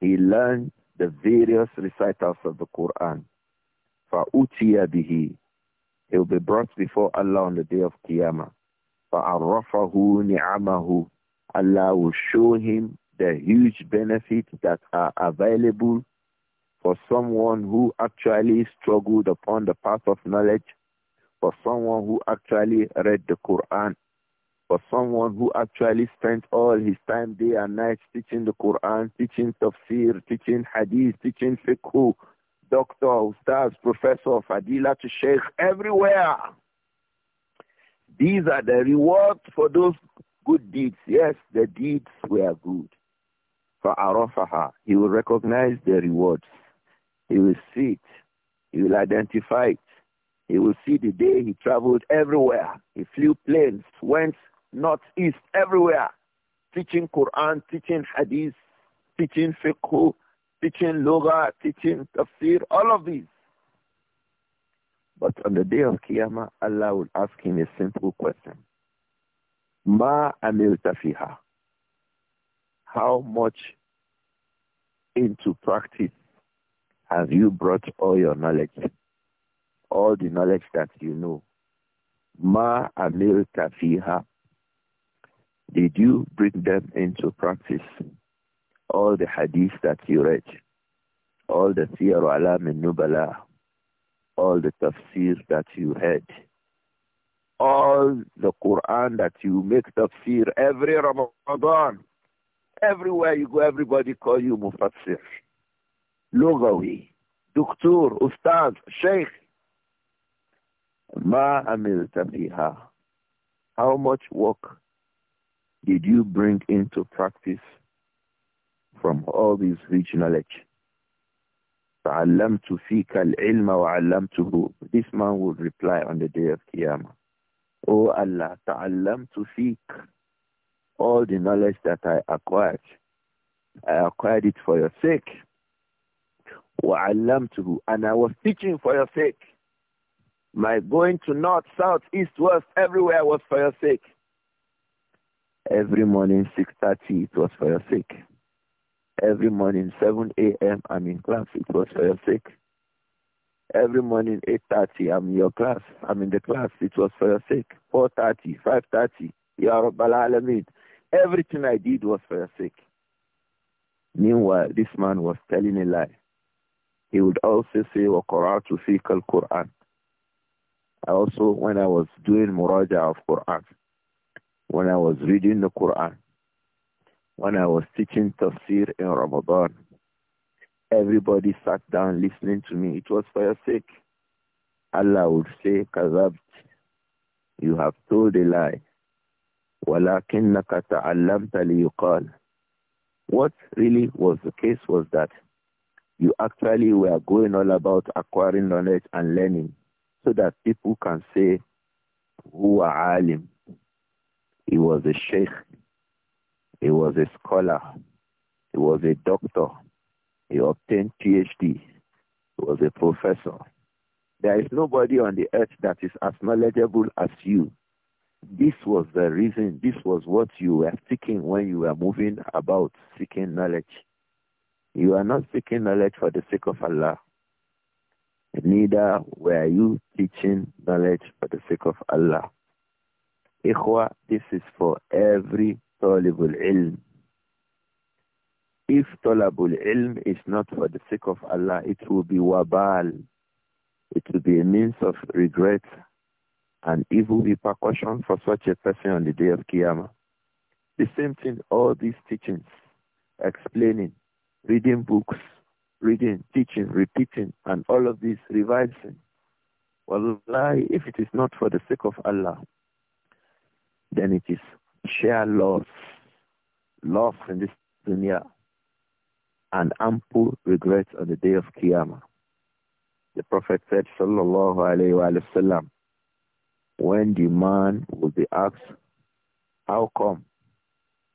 He learned the various recitals of the Quran. Fa'utiya bihi. He will be brought before Allah on the day of Qiyamah. Fa'arrafahu ni'amahu. Allah will show him the huge benefits that are available for someone who actually struggled upon the path of knowledge, for someone who actually read the Quran, for someone who actually spent all his time day and night teaching the Quran, teaching tafsir, teaching hadith, teaching fiqh, doctor, ustaz, professor, fadila to sheikh, everywhere. These are the rewards for those good deeds. Yes, the deeds were good. فَعَرَفَهَا He will recognize the rewards. He will see it. He will identify it. He will see the day he traveled everywhere. He flew planes, went north, east, everywhere, teaching Quran, teaching Hadith, teaching fiqh, teaching Loga, teaching Tafsir, all of these. But on the day of Qiyamah, Allah will ask him a simple question. Ma amir fiha? how much into practice have you brought all your knowledge, all the knowledge that you know? Ma amil kafiha. Did you bring them into practice? All the hadith that you read, all the siyar alam nubala, all the tafsir that you heard, all the Quran that you make tafsir every Ramadan, Everywhere you go, everybody call you Mufassir. Lugawi, doctor, Ustad, Sheikh. Ma amil tabiha? How much work did you bring into practice from all this rich knowledge? تعلمت فيك العلم وعلمته. This man would reply on the day of Qiyamah. Oh Allah, تعلمت فيك all the knowledge that I acquired. I acquired it for your sake. وَعَلَّمْتُهُ And I was teaching for your sake. My going to north, south, east, west, everywhere was for your sake. Every morning, 6.30, it was for your sake. Every morning, 7 a.m., I'm in class. It was for your sake. Every morning, 8.30, I'm in your class. I'm in the class. It was for your sake. 4.30, 5.30, Ya Rabbal Alameen. Everything I did was for your sake. Meanwhile, this man was telling a lie. He would also say, وَقَرَعْتُ فِيكَ Quran. I also, when I was doing muraja of Quran, when I was reading the Quran, when I was teaching tafsir in Ramadan, everybody sat down listening to me. It was for your sake. Allah would say, Kazabt, you have told a lie. وَلَكِنَّكَ تَعَلَّمْتَ لِيُقَالَ What really was the case was that you actually were going all about acquiring knowledge and learning so that people can say, who are alim. He was a sheikh. He was a scholar. He was a doctor. He obtained PhD. He was a professor. There is nobody on the earth that is as knowledgeable as you this was the reason, this was what you were seeking when you were moving about seeking knowledge. You are not seeking knowledge for the sake of Allah. Neither were you teaching knowledge for the sake of Allah. Ikhwa, this is for every tolerable ilm. If tolerable ilm is not for the sake of Allah, it will be wabal. It will be a means of regret an evil repercussion for such a person on the day of Qiyamah. The same thing, all these teachings, explaining, reading books, reading, teaching, repeating, and all of this revising. Wallahi, if it is not for the sake of Allah, then it is sheer loss, loss in this dunya, and ample regret on the day of Qiyamah. The Prophet said, Sallallahu Alaihi Wasallam, when the man will be asked, how come?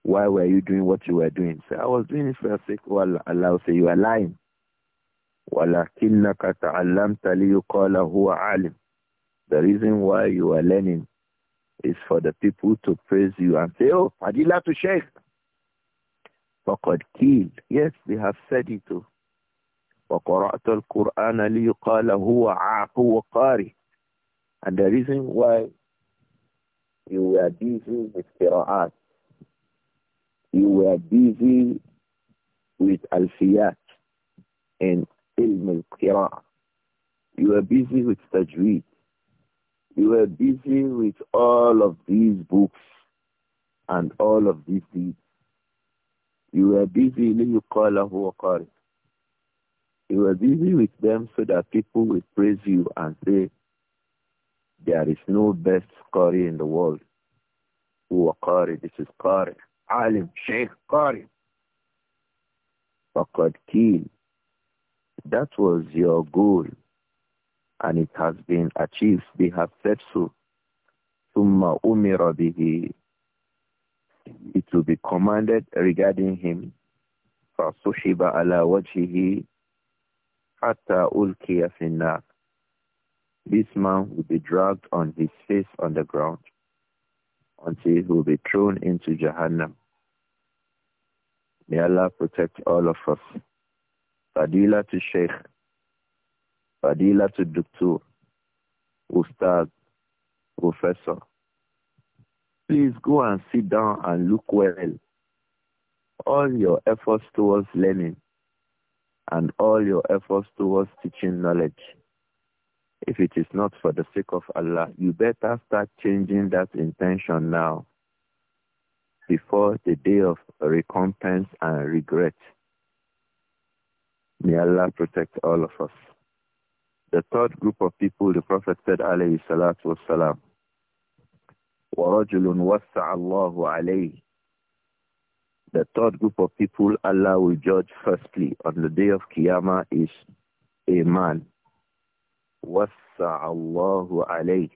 Why were you doing what you were doing? Say, I was doing it for the sake of Allah. say, you are lying. وَلَكِنَّكَ تَعَلَّمْتَ لِيُقَالَ هُوَ عَالِمٌ The reason why you are learning is for the people to praise you and say, oh, Fadila to Sheikh. فَقَدْ killed. Yes, they have said it too. وَقَرَأْتَ الْقُرْآنَ لِيُقَالَ هُوَ عَاقُ وَقَارِئ and the reason why you were busy with Qur'an, you were busy with Alfiyat and Ilm al-Qira'ah, you were busy with Tajweed, you were busy with all of these books and all of these deeds. You were busy لِيُقَالَهُ وَقَالِهُ You were busy with them so that people would praise you and say, there is no best Qari in the world. Huwa Qari, this is Qari. Alim, Sheikh Qari. Faqad Keen. That was your goal. And it has been achieved. They have said so. Summa umira bihi. It will be commanded regarding him. فَصُحِبَ عَلَى وَجْهِهِ حَتَّى أُلْكِيَ فِي this man will be dragged on his face on the ground until he will be thrown into Jahannam. May Allah protect all of us. Fadila to Sheikh, Fadila to Doctor, Ustad, Professor. Please go and sit down and look well. All your efforts towards learning and all your efforts towards teaching knowledge if it is not for the sake of Allah, you better start changing that intention now before the day of recompense and regret. May Allah protect all of us. The third group of people, the Prophet said, alayhi salatu wasalam, وَرَجُلٌ وَسَّعَ اللَّهُ عَلَيْهِ The third group of people Allah will judge firstly on the day of Qiyamah is a man وَسَّعَ اللَّهُ عَلَيْهِ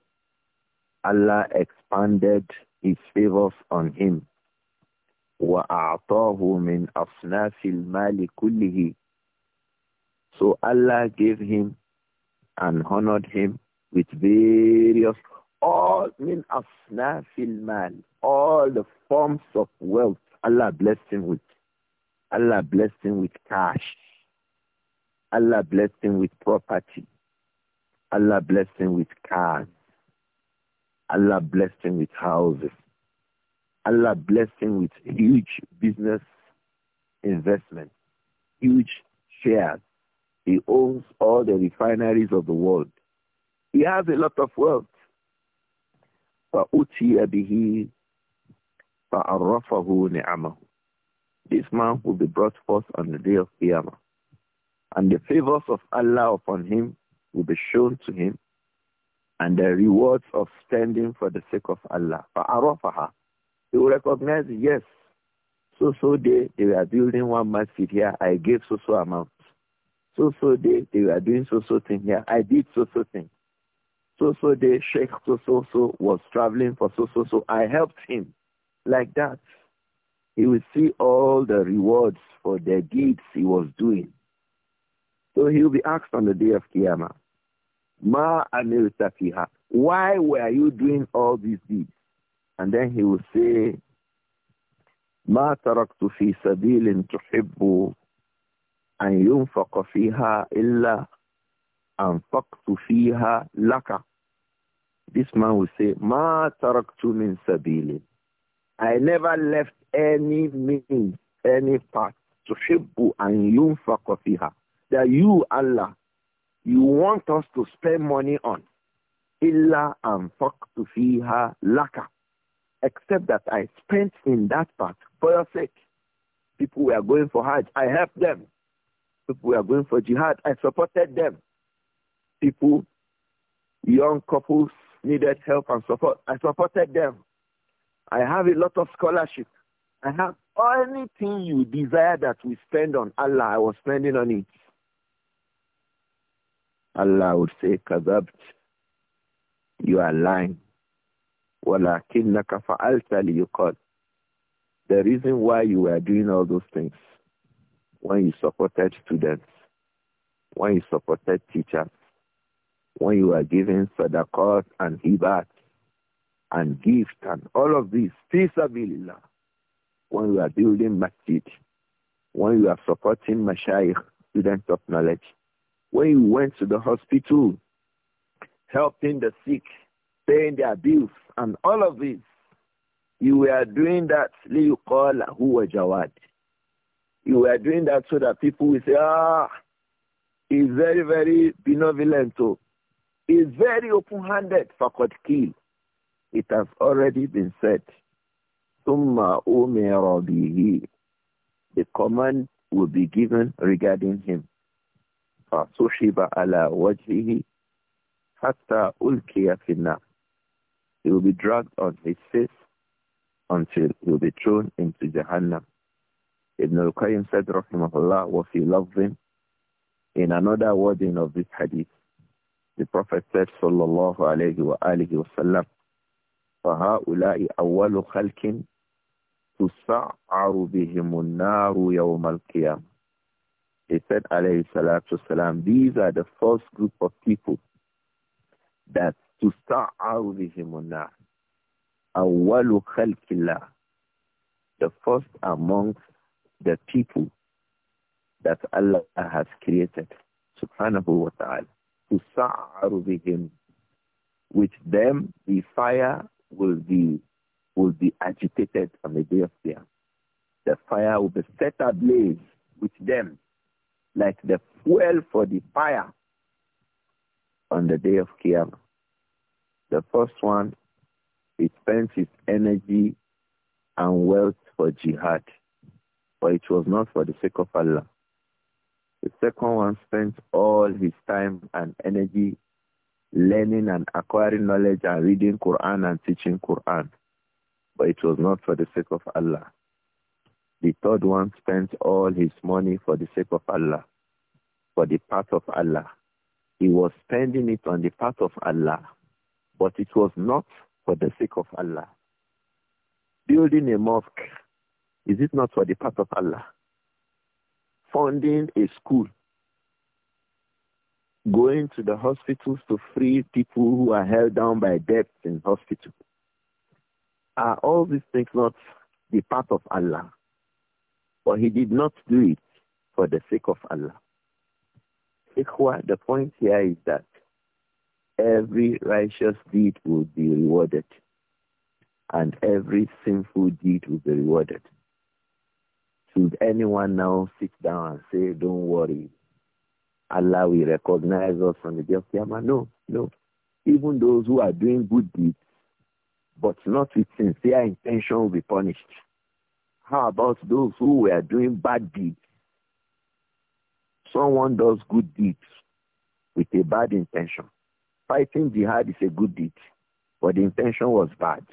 Allah expanded his favors on him. وَأَعْطَاهُ مِنْ أَصْنَافِ الْمَالِ كُلِّهِ So Allah gave him and honored him with various all min أصناف المال all the forms of wealth Allah blessed him with. Allah blessed him with cash. Allah blessed him with property. Allah blessed him with cars. Allah blessed him with houses. Allah blessed him with huge business investment, huge shares. He owns all the refineries of the world. He has a lot of wealth. This man will be brought forth on the day of Qiyamah. And the favors of Allah upon him will be shown to him and the rewards of standing for the sake of Allah. فَعَرَفَهَا He will recognize, yes, so-so day they were building one masjid here, I gave so-so amount. So-so day they were doing so-so thing here, I did so-so thing. So-so day Sheikh so-so-so was traveling for so-so-so, I helped him. Like that, he will see all the rewards for the deeds he was doing. So he will be asked on the day of Qiyamah. Ma amilta Why were you doing all these deeds? And then he will say, Ma taraktu fi سبيل تحب أن ينفق فيها illa أنفقت fiha لك. This man will say, Ma taraktu min سبيل. I never left any means, any path. تحب أن ينفق فيها. That you, Allah, you want us to spend money on. Illa and fuck to fiha laka. Except that I spent in that part for your sake. People were going for Hajj. I helped them. People were going for jihad. I supported them. People, young couples needed help and support. I supported them. I have a lot of scholarship. I have anything you desire that we spend on Allah, I was spending on it. Allah would say, Kazabt, you are lying. وَلَكِنَّكَ فَعَلْتَ لِيُقَالْ The reason why you were doing all those things, when you supported students, when you supported teachers, when you were giving sadaqat and hibat and gift and all of these, fisabilillah, when you are building masjid, when you are supporting mashayikh, students of knowledge, when he went to the hospital, helping the sick, paying their bills, and all of this, you were doing that liyuqala huwa jawad. You were doing that so that people will say, ah, he's very, very benevolent. So oh. he's very open-handed. For Fakot kill. It has already been said. Summa The command will be given regarding him. فصحب على وجهه حتى ألقي في النار. He will be dragged on his face until he will be thrown into Jahannam. Ibn al-Qayyim said, rahimahullah, وفي loving? In another wording of this hadith, the Prophet said, sallallahu alayhi wa وآله wa sallam, فهؤلاء أول خلق تسعر بهم النار يوم القيامة. He said, alayhi salatu salam, these are the first group of people that to start out with him on that. the first amongst the people that Allah has created, subhanahu wa ta'ala. To sa'aru him. with them the fire will be will be agitated on the day of fear. The fire will be set ablaze with them like the fuel for the fire on the day of Qiyamah. The first one, spends his energy and wealth for jihad, but it was not for the sake of Allah. The second one spends all his time and energy learning and acquiring knowledge and reading Quran and teaching Quran, but it was not for the sake of Allah. The third one spends all his money for the sake of Allah, for the path of Allah. He was spending it on the path of Allah, but it was not for the sake of Allah. Building a mosque, is it not for the path of Allah? Funding a school, going to the hospitals to free people who are held down by debts in hospital. Are all these things not the path of Allah? But he did not do it for the sake of Allah. the point here is that every righteous deed will be rewarded and every sinful deed will be rewarded. Should anyone now sit down and say, don't worry, Allah will recognize us from the day of Qiyamah? No, no. Even those who are doing good deeds, but not with sincere intention will be punished. How about those who were doing bad deeds? Someone does good deeds with a bad intention. Fighting jihad is a good deed, but the intention was bad.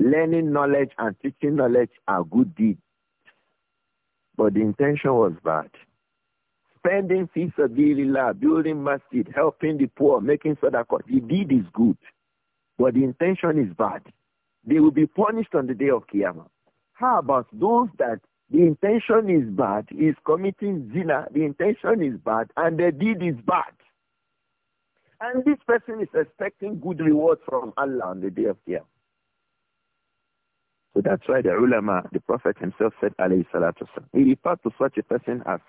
Learning knowledge and teaching knowledge are good deeds, but the intention was bad. Spending fees of building masjid, helping the poor, making sadaqah, the deed is good, but the intention is bad. They will be punished on the day of Qiyamah. How about those that the intention is bad, is committing zina, the intention is bad, and the deed is bad. And this person is expecting good reward from Allah on the day of Qiyam. So that's why the ulama, the Prophet himself said, alayhi salatu he referred to such a person as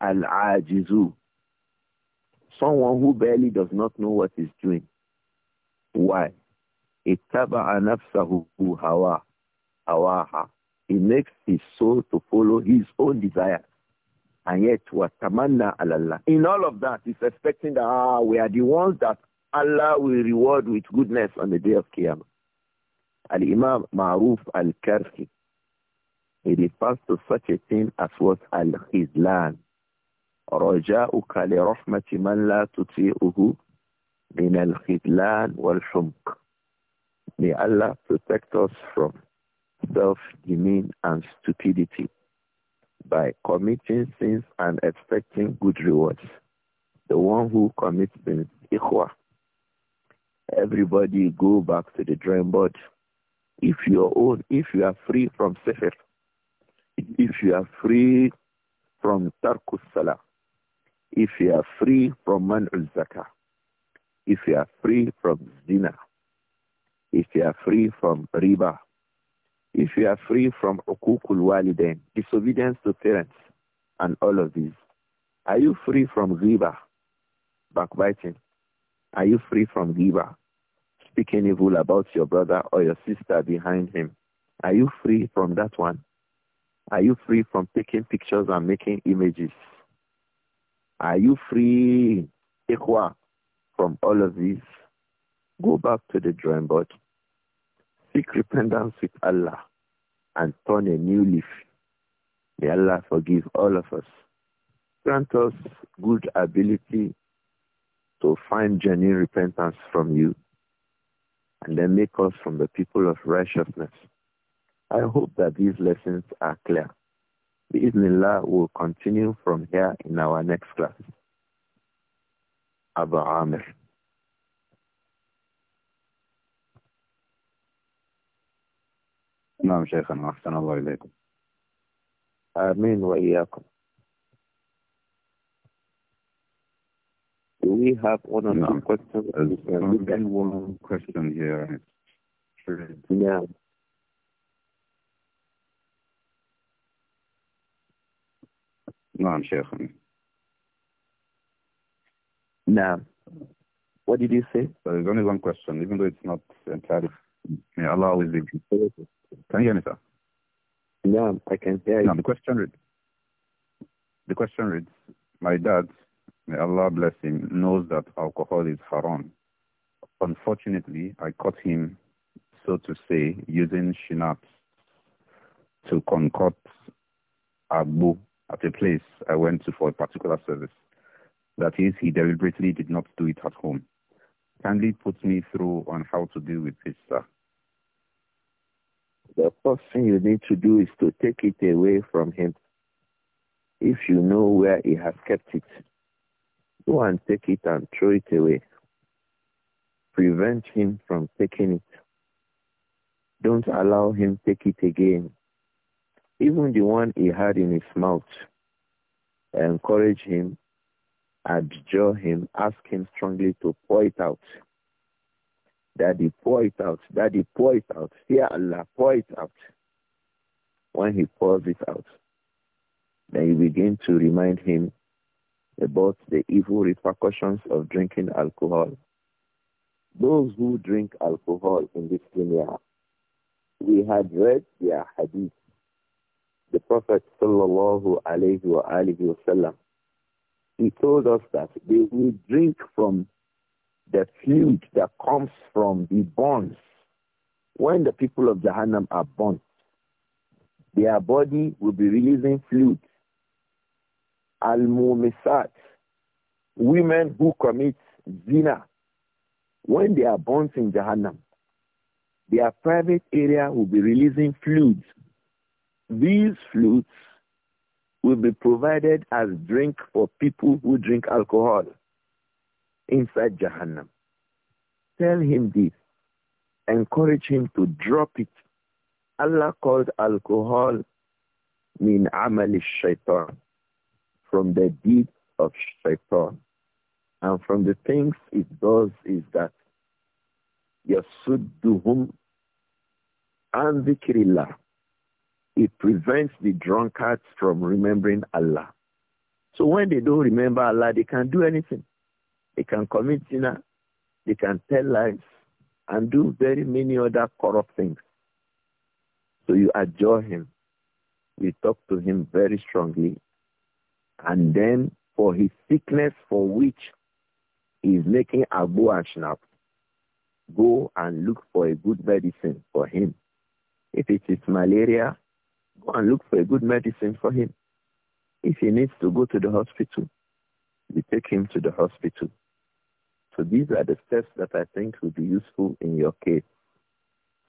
al-ajizu, someone who barely does not know what he's doing. Why? اتبع نفسه hawa, هواها he makes his soul to follow his own desire. And yet, watamanna Allah. In all of that, he's expecting that ah, we are the ones that Allah will reward with goodness on the day of Qiyamah. Al-Imam Ma'ruf Al-Karfi, he refers to such a thing as what Al-Khizlan. رجاؤك لرحمة من min al من wal والحمق. May Allah protect us from self-demean and stupidity by committing sins and expecting good rewards. The one who commits sins, ikhwa. Everybody go back to the drawing board. If you are own, if you are free from sefer, if you are free from tarkusala, if you are free from man'ul zakah, if you are free from zina, if you are free from riba, if you are free from ukukul waliden, disobedience to parents, and all of these, are you free from riba, backbiting? Are you free from riba, speaking evil about your brother or your sister behind him? Are you free from that one? Are you free from taking pictures and making images? Are you free, Ikhwa, from all of these? Go back to the drawing board. Seek repentance with Allah and turn a new leaf. May Allah forgive all of us. Grant us good ability to find genuine repentance from you and then make us from the people of righteousness. I hope that these lessons are clear. Bismillah will continue from here in our next class. Abu Amir. نعم شيخنا أحسن الله إليكم آمين وإياكم Do we have one or no. two questions? There's only one question here. And No, true. Yeah. نعم What did you say? There's only one question, even though it's not entirely May Allah always be pleased. Can you hear me, sir? No, I can hear you. No, the question reads, the question reads, my dad, may Allah bless him, knows that alcohol is haram. Unfortunately, I caught him, so to say, using schnapps to concoct abu at a place I went to for a particular service. That is, he deliberately did not do it at home. Kindly put me through on how to deal with it, sir. The first thing you need to do is to take it away from him. If you know where he has kept it, go and take it and throw it away. Prevent him from taking it. Don't allow him take it again. Even the one he had in his mouth, encourage him adjure him, ask him strongly to pour it out. Daddy, pour it out. Daddy, pour it out. Fear Allah, pour it out. When he pours it out, then you begin to remind him about the evil repercussions of drinking alcohol. Those who drink alcohol in this dunya, we had read their hadith. The Prophet sallallahu alayhi wa wa sallam he told us that they will drink from the fluid that comes from the bones. When the people of Jahannam are burnt, their body will be releasing fluid. Al-Mumisat, women who commit zina, when they are burnt in Jahannam, their private area will be releasing fluids. These fluids will be provided as drink for people who drink alcohol inside Jahannam. Tell him this. Encourage him to drop it. Allah called alcohol min amali shaitan, from the deeds of shaitan. And from the things it does is that yasudduhum an dhikrillah it prevents the drunkards from remembering Allah. So when they don't remember Allah, they can do anything. They can commit sinah, they can tell lies, and do very many other corrupt things. So you adjure him. You talk to him very strongly. And then for his sickness for which he is making Abu Ashnaf, go and look for a good medicine for him. If it is malaria, Go and look for a good medicine for him. If he needs to go to the hospital, we take him to the hospital. So these are the steps that I think will be useful in your case.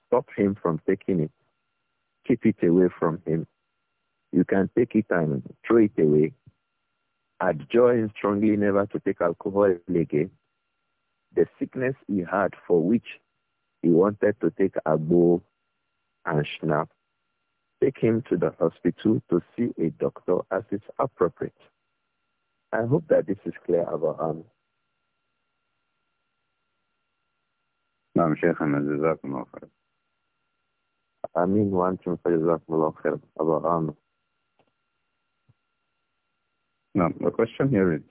Stop him from taking it. Keep it away from him. You can take it and throw it away. Adjoin strongly never to take alcohol again. The sickness he had for which he wanted to take a bowl and schnapp take him to the hospital to see a doctor as is appropriate. I hope that this is clear, Abraham. نعم شيخنا جزاكم الله خير آمين وأنتم فجزاكم No, the question here is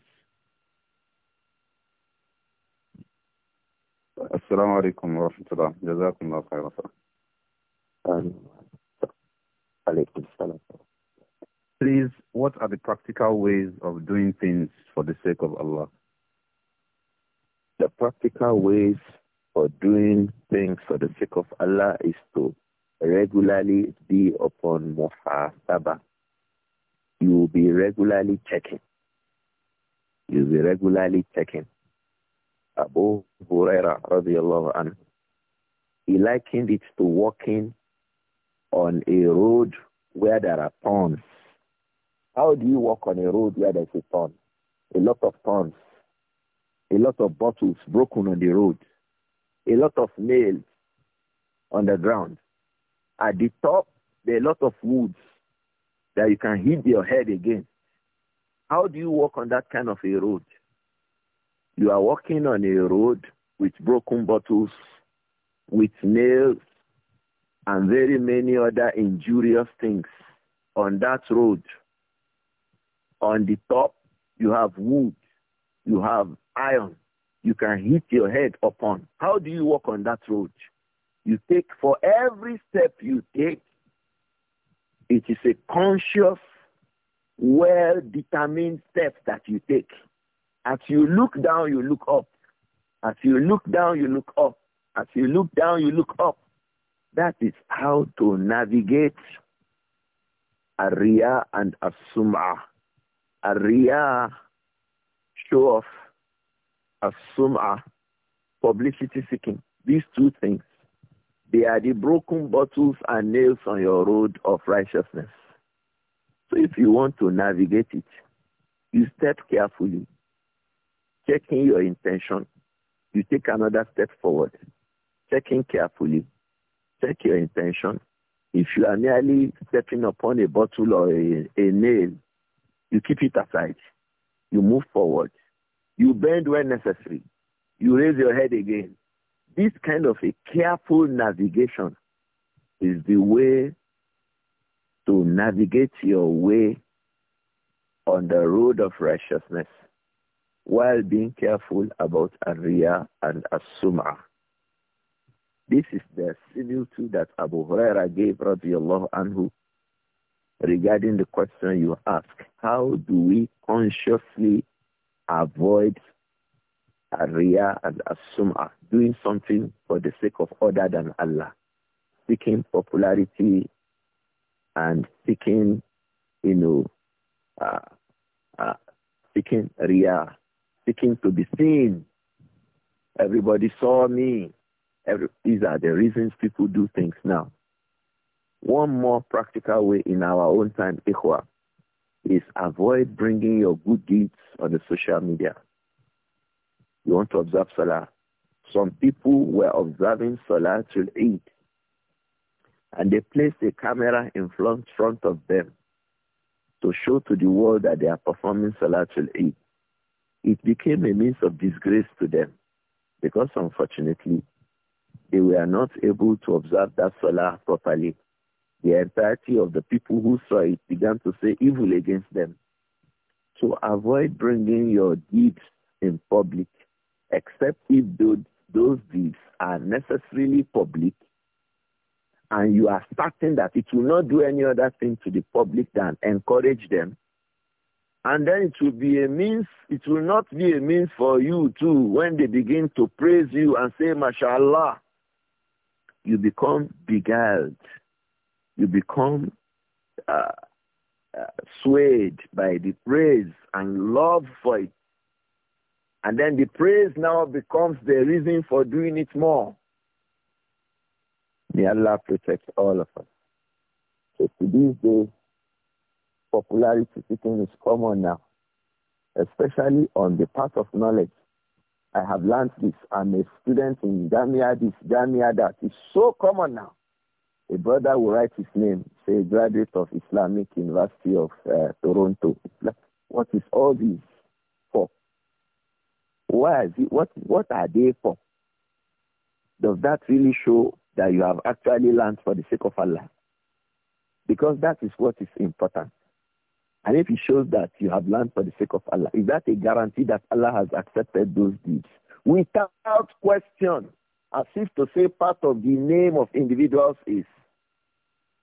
السلام alaikum ورحمة Please, what are the practical ways of doing things for the sake of Allah? The practical ways for doing things for the sake of Allah is to regularly be upon muhasabah. You will be regularly checking. You will be regularly checking. Abu Huraira radiallahu anhu, he likened it to walking on a road where there are thorns. How do you walk on a road where there's a thorn? A lot of thorns, a lot of bottles broken on the road, a lot of nails on the ground. At the top, there are a lot of woods that you can hit your head against. How do you walk on that kind of a road? You are walking on a road with broken bottles, with nails, and very many other injurious things on that road. On the top, you have wood, you have iron, you can hit your head upon. How do you walk on that road? You take, for every step you take, it is a conscious, well-determined step that you take. As you look down, you look up. As you look down, you look up. As you look down, you look up. That is how to navigate Ariya and assumah. Ariya, show off. assumah publicity seeking. These two things, they are the broken bottles and nails on your road of righteousness. So if you want to navigate it, you step carefully, checking your intention. You take another step forward, checking carefully, check your intention. If you are merely stepping upon a bottle or a, a nail, you keep it aside. You move forward. You bend when necessary. You raise your head again. This kind of a careful navigation is the way to navigate your way on the road of righteousness while being careful about Ariya and Asum'ah. This is the similitude that Abu Huraira gave radiallahu anhu regarding the question you ask. How do we consciously avoid Ariya and Asuma, doing something for the sake of other than Allah, seeking popularity and seeking, you know, uh, uh, seeking Riya, seeking to be seen. Everybody saw me. These are the reasons people do things now. One more practical way in our own time, Ikhwa, is avoid bringing your good deeds on the social media. You want to observe Salah. Some people were observing Salah till eight, and they placed a camera in front, front of them to show to the world that they are performing Salah till eight. It became a means of disgrace to them because unfortunately they were not able to observe that salah properly. The entirety of the people who saw it began to say evil against them. So avoid bringing your deeds in public, except if those deeds are necessarily public and you are certain that it will not do any other thing to the public than encourage them and then it will be a means, it will not be a means for you too when they begin to praise you and say, MashaAllah. You become beguiled. You become uh, uh, swayed by the praise and love for it. And then the praise now becomes the reason for doing it more. May Allah protect all of us. So to this day popularity seeking is common now, especially on the path of knowledge. I have learned this. I'm a student in Jamia this, Jamia that. It's so common now. A brother will write his name, say a graduate of Islamic University of uh, Toronto. Like, what is all this for? Why is it, what, what are they for? Does that really show that you have actually learned for the sake of Allah? Because that is what is important. And if it shows that you have learned for the sake of Allah, is that a guarantee that Allah has accepted those deeds? Without question, as if to say part of the name of individuals is,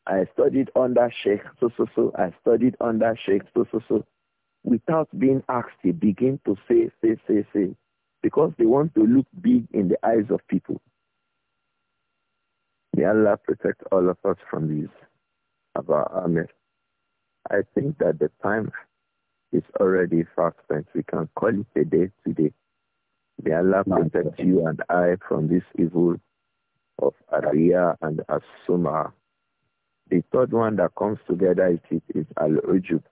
I studied under Sheikh so-so-so, I studied under Sheikh so-so-so. Without being asked, they begin to say, say, say, say, because they want to look big in the eyes of people. May Allah protect all of us from these. Abba Amir. I think that the time is already fast spent. We can call it a day today. May Allah protect you and I from this evil of Aria and Asuma. The third one that comes together is, it is Al-Ujub.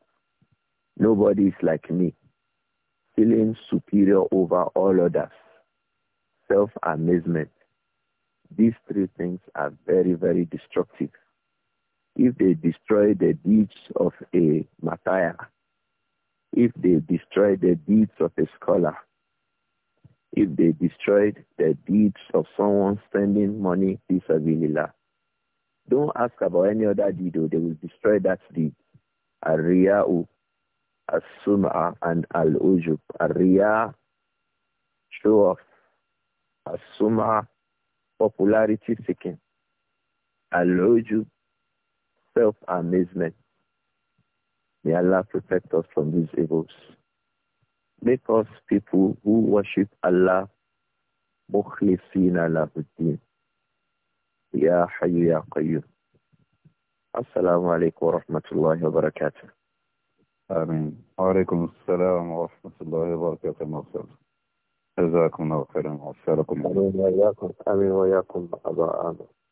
Nobody is like me. Feeling superior over all others. Self-amazement. These three things are very, very destructive if they destroy the deeds of a martyr, if they destroy the deeds of a scholar, if they destroy the deeds of someone spending money vis-a-vis Don't ask about any other deed, oh, they will destroy that deed. Ariya'u, as and Al-Ujub. Ariya, show off. Asuma, popularity seeking. Al-Ujub, self-amazement. May Allah protect us from these evils. Make us people who worship Allah مخلصين له الدين يا حي يا قيوم السلام عليكم ورحمة الله وبركاته آمين وعليكم السلام ورحمة الله وبركاته مغفر جزاكم الله خيرا وعسى لكم آمين وإياكم آمين وإياكم أبا آمين